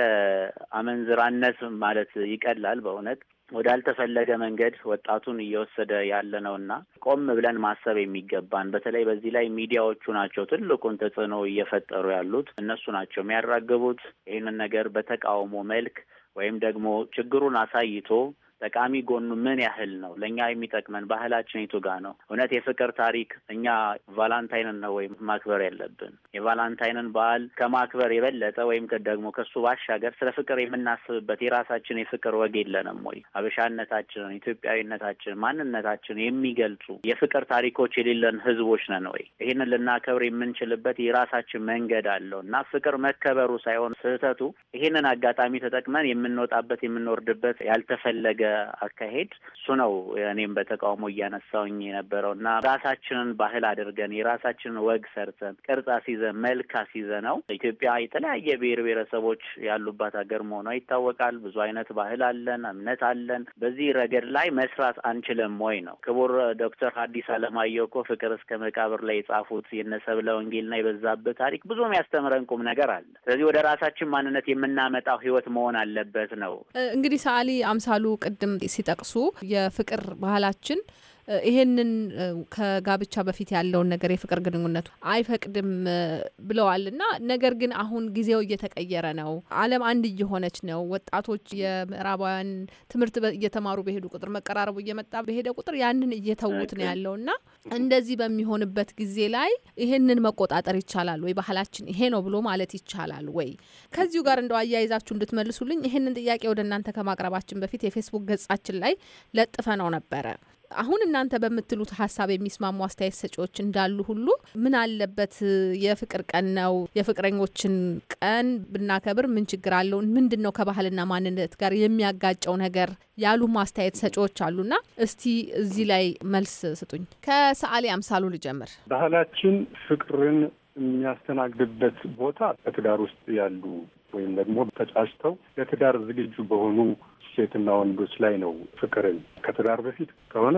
E: አመንዝራነት ማለት ይቀላል በእውነት ወዳልተፈለገ መንገድ ወጣቱን እየወሰደ ያለ ነውና ቆም ብለን ማሰብ የሚገባን በተለይ በዚህ ላይ ሚዲያዎቹ ናቸው ትልቁን ተጽዕኖ እየፈጠሩ ያሉት እነሱ ናቸው የሚያራግቡት ይህንን ነገር በተቃውሞ መልክ ወይም ደግሞ ችግሩን አሳይቶ ጠቃሚ ጎኑ ምን ያህል ነው? ለእኛ የሚጠቅመን ባህላችን የቱ ጋ ነው? እውነት የፍቅር ታሪክ እኛ ቫላንታይንን ነው ወይም ማክበር ያለብን? የቫላንታይንን በዓል ከማክበር የበለጠ ወይም ደግሞ ከሱ ባሻገር ስለ ፍቅር የምናስብበት የራሳችን የፍቅር ወግ የለንም ወይ? አበሻነታችንን፣ ኢትዮጵያዊነታችንን፣ ማንነታችን የሚገልጹ የፍቅር ታሪኮች የሌለን ህዝቦች ነን ወይ? ይህንን ልናከብር የምንችልበት የራሳችን መንገድ አለው እና ፍቅር መከበሩ ሳይሆን ስህተቱ ይህንን አጋጣሚ ተጠቅመን የምንወጣበት የምንወርድበት ያልተፈለገ አካሄድ እሱ ነው እኔም በተቃውሞ እያነሳውኝ የነበረው እና ራሳችንን ባህል አድርገን የራሳችንን ወግ ሰርተን ቅርጽ አስይዘን መልክ አስይዘን ነው ኢትዮጵያ የተለያየ ብሔር ብሔረሰቦች ያሉባት ሀገር መሆኗ ይታወቃል። ብዙ አይነት ባህል አለን፣ እምነት አለን። በዚህ ረገድ ላይ መስራት አንችልም ወይ ነው ክቡር ዶክተር ሀዲስ አለማየሁ እኮ ፍቅር እስከ መቃብር ላይ የጻፉት የነሰብለ ወንጌልና የበዛበት ታሪክ ብዙ የሚያስተምረን ቁም ነገር አለ። ስለዚህ ወደ ራሳችን ማንነት የምናመጣው ህይወት መሆን አለበት ነው።
C: እንግዲህ ሰዓሊ አምሳሉ ቅድም ሲጠቅሱ የፍቅር ባህላችን ይሄንን ከጋብቻ በፊት ያለውን ነገር የፍቅር ግንኙነቱ አይፈቅድም ብለዋል እና ነገር ግን አሁን ጊዜው እየተቀየረ ነው። ዓለም አንድ እየሆነች ነው። ወጣቶች የምዕራባውያን ትምህርት እየተማሩ በሄዱ ቁጥር መቀራረቡ እየመጣ በሄደ ቁጥር ያንን እየተዉት ነው ያለው እና እንደዚህ በሚሆንበት ጊዜ ላይ ይሄንን መቆጣጠር ይቻላል ወይ? ባህላችን ይሄ ነው ብሎ ማለት ይቻላል ወይ? ከዚሁ ጋር እንደው አያይዛችሁ እንድትመልሱልኝ ይህንን ጥያቄ ወደ እናንተ ከማቅረባችን በፊት የፌስቡክ ገጻችን ላይ ለጥፈ ነው ነበረ አሁን እናንተ በምትሉት ሀሳብ የሚስማሙ አስተያየት ሰጪዎች እንዳሉ ሁሉ ምን አለበት የፍቅር ቀን ነው የፍቅረኞችን ቀን ብናከብር ምን ችግር አለው? ምንድን ነው ከባህልና ማንነት ጋር የሚያጋጨው ነገር ያሉ ማስተያየት ሰጪዎች አሉና እስቲ እዚህ ላይ መልስ ስጡኝ። ከሰዓሊ አምሳሉ ልጀምር።
D: ባህላችን ፍቅርን የሚያስተናግድበት ቦታ በትዳር ውስጥ ያሉ ወይም ደግሞ ተጫጭተው ለትዳር ዝግጁ በሆኑ ሴትና ወንዶች ላይ ነው ፍቅርን ከትዳር በፊት ከሆነ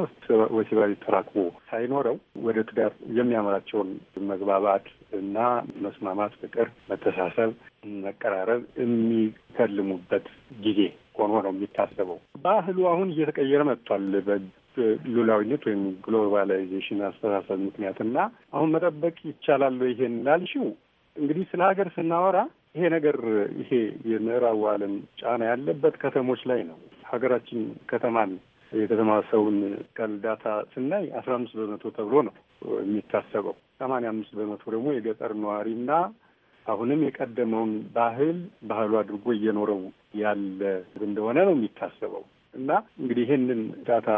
D: ወሲባዊ ተራክቦ ሳይኖረው ወደ ትዳር የሚያመራቸውን መግባባት እና መስማማት፣ ፍቅር፣ መተሳሰብ፣ መቀራረብ የሚከልሙበት ጊዜ ሆኖ ነው የሚታሰበው። ባህሉ አሁን እየተቀየረ መጥቷል። ሉላዊነት ወይም ግሎባላይዜሽን አስተሳሰብ ምክንያት እና አሁን መጠበቅ ይቻላል ይሄን ላልሽው እንግዲህ ስለ ሀገር ስናወራ ይሄ ነገር ይሄ የምዕራቡ ዓለም ጫና ያለበት ከተሞች ላይ ነው። ሀገራችን ከተማን የከተማ ሰውን ቀል ዳታ ስናይ አስራ አምስት በመቶ ተብሎ ነው የሚታሰበው። ሰማንያ አምስት በመቶ ደግሞ የገጠር ነዋሪና አሁንም የቀደመውን ባህል ባህሉ አድርጎ እየኖረው ያለ እንደሆነ ነው የሚታሰበው እና እንግዲህ ይህንን ዳታ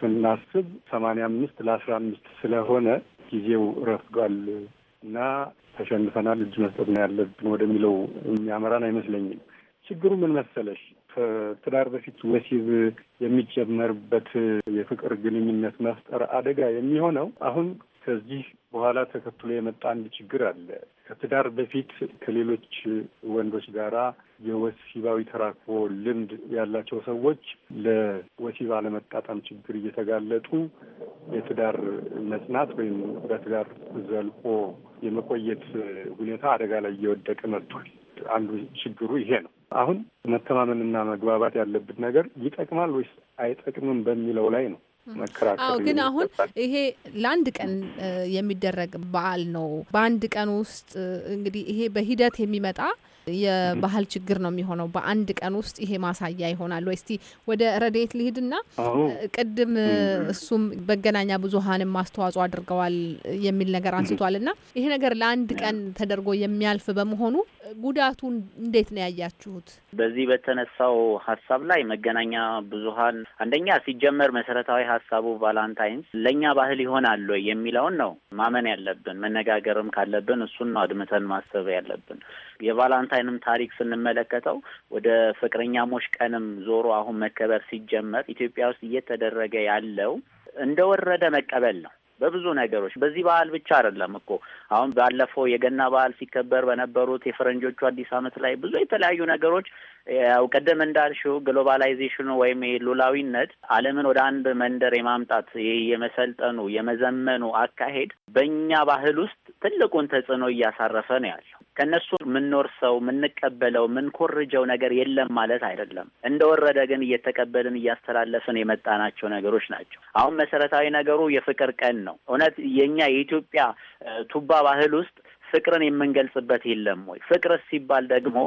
D: ስናስብ ሰማንያ አምስት ለአስራ አምስት ስለሆነ ጊዜው ረፍዷል እና ተሸንፈናል፣ እጅ መስጠት ነው ያለብን ወደሚለው የሚያመራን አይመስለኝም። ችግሩ ምን መሰለሽ፣ ከትዳር በፊት ወሲብ የሚጀመርበት የፍቅር ግንኙነት መፍጠር አደጋ የሚሆነው አሁን ከዚህ በኋላ ተከትሎ የመጣ አንድ ችግር አለ። ከትዳር በፊት ከሌሎች ወንዶች ጋራ የወሲባዊ ተራክቦ ልምድ ያላቸው ሰዎች ለወሲብ አለመጣጣም ችግር እየተጋለጡ የትዳር መጽናት ወይም በትዳር ዘልቆ የመቆየት ሁኔታ አደጋ ላይ እየወደቀ መጥቷል። አንዱ ችግሩ ይሄ ነው። አሁን መተማመንና መግባባት ያለበት ነገር ይጠቅማል ወይስ አይጠቅምም በሚለው ላይ ነው። መከራከር። ግን አሁን
C: ይሄ ለአንድ ቀን የሚደረግ በዓል ነው። በአንድ ቀን ውስጥ እንግዲህ ይሄ በሂደት የሚመጣ የባህል ችግር ነው የሚሆነው። በአንድ ቀን ውስጥ ይሄ ማሳያ ይሆናል ወይ? እስቲ ወደ ረዴት ልሂድና ቅድም እሱም መገናኛ ብዙኃንም አስተዋጽኦ አድርገዋል የሚል ነገር አንስቷል እና ይሄ ነገር ለአንድ ቀን ተደርጎ የሚያልፍ በመሆኑ ጉዳቱ እንዴት ነው ያያችሁት?
E: በዚህ በተነሳው ሀሳብ ላይ መገናኛ ብዙኃን አንደኛ ሲጀመር መሰረታዊ ሀሳቡ ቫላንታይንስ ለእኛ ባህል ይሆናል ወይ የሚለውን ነው ማመን ያለብን። መነጋገርም ካለብን እሱን ነው አድምተን ማሰብ ያለብን። የቫላንታይንም ታሪክ ስንመለከተው ወደ ፍቅረኛሞች ቀንም ዞሮ አሁን መከበር ሲጀመር ኢትዮጵያ ውስጥ እየተደረገ ያለው እንደወረደ መቀበል ነው። በብዙ ነገሮች በዚህ በዓል ብቻ አይደለም እኮ አሁን ባለፈው የገና በዓል ሲከበር በነበሩት የፈረንጆቹ አዲስ ዓመት ላይ ብዙ የተለያዩ ነገሮች ያው ቀደም እንዳልሽው ግሎባላይዜሽኑ ወይም ሉላዊነት ዓለምን ወደ አንድ መንደር የማምጣት የመሰልጠኑ የመዘመኑ አካሄድ በእኛ ባህል ውስጥ ትልቁን ተጽዕኖ እያሳረፈ ነው ያለው። ከእነሱ የምንወርሰው የምንቀበለው የምንኮርጀው ነገር የለም ማለት አይደለም። እንደወረደ ግን እየተቀበልን እያስተላለፍን የመጣናቸው ነገሮች ናቸው። አሁን መሰረታዊ ነገሩ የፍቅር ቀን ነው። እውነት የእኛ የኢትዮጵያ ቱባ ባህል ውስጥ ፍቅርን የምንገልጽበት የለም ወይ? ፍቅር ሲባል ደግሞ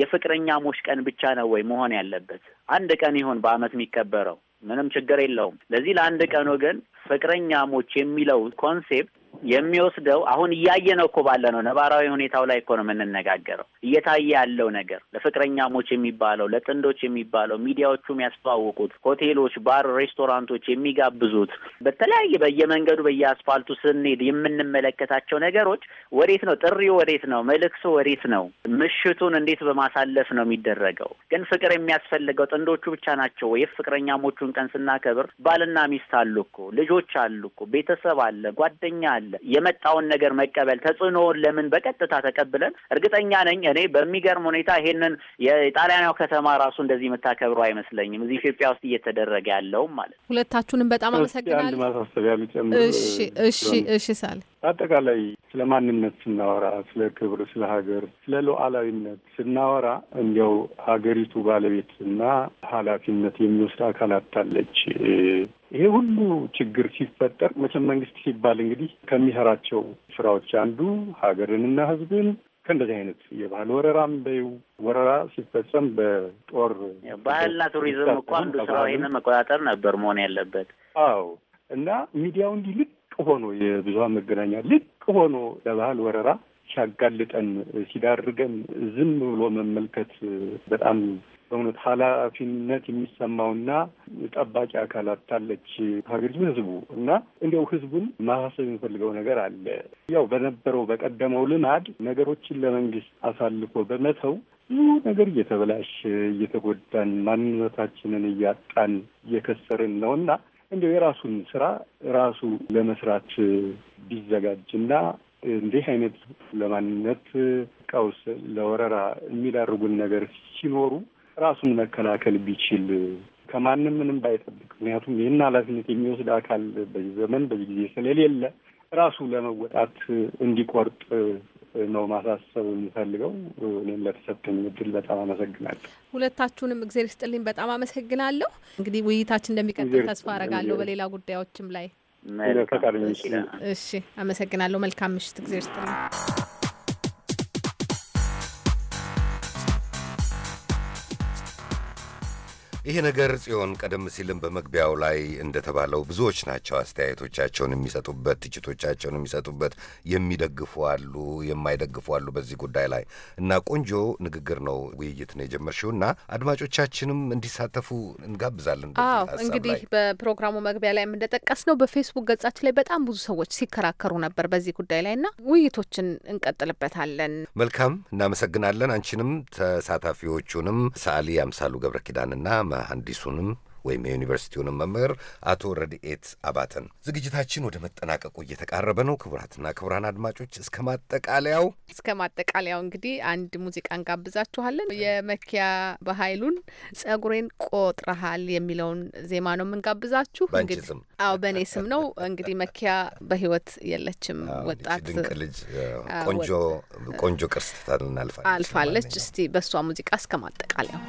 E: የፍቅረኛሞች ቀን ብቻ ነው ወይ መሆን ያለበት? አንድ ቀን ይሁን በአመት የሚከበረው ምንም ችግር የለውም። ለዚህ ለአንድ ቀኑ ግን ፍቅረኛሞች የሚለው ኮንሴፕት የሚወስደው አሁን እያየ ነው እኮ ባለ ነው ነባራዊ ሁኔታው ላይ እኮ ነው የምንነጋገረው። እየታየ ያለው ነገር ለፍቅረኛሞች የሚባለው ለጥንዶች የሚባለው ሚዲያዎቹ የሚያስተዋውቁት ሆቴሎች፣ ባር፣ ሬስቶራንቶች የሚጋብዙት በተለያየ በየመንገዱ በየአስፋልቱ ስንሄድ የምንመለከታቸው ነገሮች ወዴት ነው ጥሪው? ወዴት ነው መልእክቱ? ወዴት ነው ምሽቱን እንዴት በማሳለፍ ነው የሚደረገው? ግን ፍቅር የሚያስፈልገው ጥንዶቹ ብቻ ናቸው ወይ? ፍቅረኛሞቹን ቀን ስናከብር ባልና ሚስት አሉ እኮ ልጆች አሉ እኮ ቤተሰብ አለ ጓደኛ አለ። የመጣውን ነገር መቀበል ተጽዕኖውን ለምን በቀጥታ ተቀብለን እርግጠኛ ነኝ እኔ በሚገርም ሁኔታ ይሄንን የጣሊያናው ከተማ ራሱ እንደዚህ የምታከብረው አይመስለኝም። እዚህ ኢትዮጵያ ውስጥ እየተደረገ ያለውም ማለት
C: ሁለታችሁንም በጣም አመሰግናለሁ።
E: ማሳሰቢያ
A: ልጨምር።
C: እሺ፣ እሺ፣ እሺ። ሳል
D: አጠቃላይ ስለ ማንነት ስናወራ፣ ስለ ክብር፣ ስለ ሀገር፣ ስለ ሉዓላዊነት ስናወራ እንዲያው ሀገሪቱ ባለቤትና ኃላፊነት የሚወስድ አካላት ታለች። ይሄ ሁሉ ችግር ሲፈጠር መቼም መንግስት ሲባል እንግዲህ ከሚሰራቸው ስራዎች አንዱ ሀገርንና ህዝብን ከእንደዚህ አይነት የባህል ወረራም በይው ወረራ ሲፈጸም በጦር ባህልና ቱሪዝም እኮ አንዱ ስራው ይህን
E: መቆጣጠር ነበር መሆን ያለበት። አዎ። እና
D: ሚዲያው እንዲህ ልቅ ሆኖ የብዙሀን መገናኛ ልቅ ሆኖ ለባህል ወረራ ሲያጋልጠን ሲዳርገን ዝም ብሎ መመልከት በጣም በእውነት ኃላፊነት የሚሰማውና ጠባቂ አካላት ታለች ሀገሪቱ ህዝቡ እና እንዲያው ህዝቡን ማሳሰብ የሚፈልገው ነገር አለ። ያው በነበረው በቀደመው ልማድ ነገሮችን ለመንግስት አሳልፎ በመተው ብዙ ነገር እየተበላሽ እየተጎዳን ማንነታችንን እያጣን እየከሰርን ነው እና እንዲያው የራሱን ስራ ራሱ ለመስራት ቢዘጋጅና እንዲህ አይነት ለማንነት ቀውስ ለወረራ የሚዳርጉን ነገር ሲኖሩ ራሱን መከላከል ቢችል ከማንም ምንም ባይጠብቅ፣ ምክንያቱም ይህን ኃላፊነት የሚወስድ አካል በዚህ ዘመን በዚህ ጊዜ ስለሌለ ራሱ ለመወጣት እንዲቆርጥ ነው ማሳሰብ የሚፈልገው። እኔም ለተሰጠኝ እድል በጣም አመሰግናለሁ።
C: ሁለታችሁንም እግዜር ይስጥልኝ። በጣም አመሰግናለሁ። እንግዲህ ውይይታችን እንደሚቀጥል ተስፋ አረጋለሁ በሌላ ጉዳዮችም ላይ። እሺ፣ አመሰግናለሁ። መልካም ምሽት። እግዜር ይስጥልኝ።
B: ይሄ ነገር ጽዮን፣ ቀደም ሲልም በመግቢያው ላይ እንደተባለው ብዙዎች ናቸው አስተያየቶቻቸውን የሚሰጡበት፣ ትችቶቻቸውን የሚሰጡበት። የሚደግፉ አሉ፣ የማይደግፉ አሉ በዚህ ጉዳይ ላይ እና ቆንጆ ንግግር ነው፣ ውይይት ነው የጀመርሽው እና አድማጮቻችንም እንዲሳተፉ እንጋብዛለን። አዎ
C: እንግዲህ በፕሮግራሙ መግቢያ ላይም እንደጠቀስ ነው በፌስቡክ ገጻችን ላይ በጣም ብዙ ሰዎች ሲከራከሩ ነበር በዚህ ጉዳይ ላይ እና ውይይቶችን እንቀጥልበታለን።
B: መልካም፣ እናመሰግናለን። አንቺንም ተሳታፊዎቹንም ሰዓሊ አምሳሉ ገብረ ኪዳንና መሐንዲሱንም ወይም የዩኒቨርሲቲውንም መምህር አቶ ረድኤት አባተን። ዝግጅታችን ወደ መጠናቀቁ እየተቃረበ ነው። ክቡራትና ክቡራን አድማጮች እስከ ማጠቃለያው
C: እስከ ማጠቃለያው እንግዲህ አንድ ሙዚቃ እንጋብዛችኋለን። የመኪያ በኃይሉን ጸጉሬን ቆጥረሃል የሚለውን ዜማ ነው የምንጋብዛችሁ። እንግዲህ አዎ በእኔ ስም ነው እንግዲህ መኪያ በህይወት የለችም። ወጣት ድንቅ ልጅ ቆንጆ
B: ቆንጆ ቅርስ ትታልን
C: አልፋለች። እስቲ በእሷ ሙዚቃ እስከ ማጠቃለያው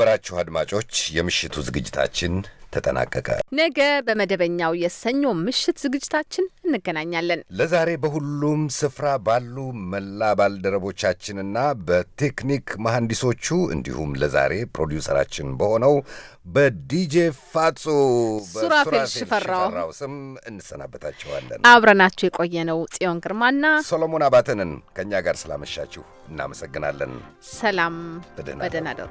B: የተከበራችሁ አድማጮች የምሽቱ ዝግጅታችን ተጠናቀቀ።
C: ነገ በመደበኛው የሰኞ ምሽት ዝግጅታችን እንገናኛለን።
B: ለዛሬ በሁሉም ስፍራ ባሉ መላ ባልደረቦቻችንና በቴክኒክ መሐንዲሶቹ እንዲሁም ለዛሬ ፕሮዲውሰራችን በሆነው በዲጄ ፋጹ ሱራፌል
C: ሽፈራው
B: ስም እንሰናበታችኋለን።
C: አብረናችሁ የቆየነው ጽዮን ግርማና ሶሎሞን
B: አባተንን ከእኛ ጋር ስላመሻችሁ እናመሰግናለን።
C: ሰላም፣ በደህና ደሩ።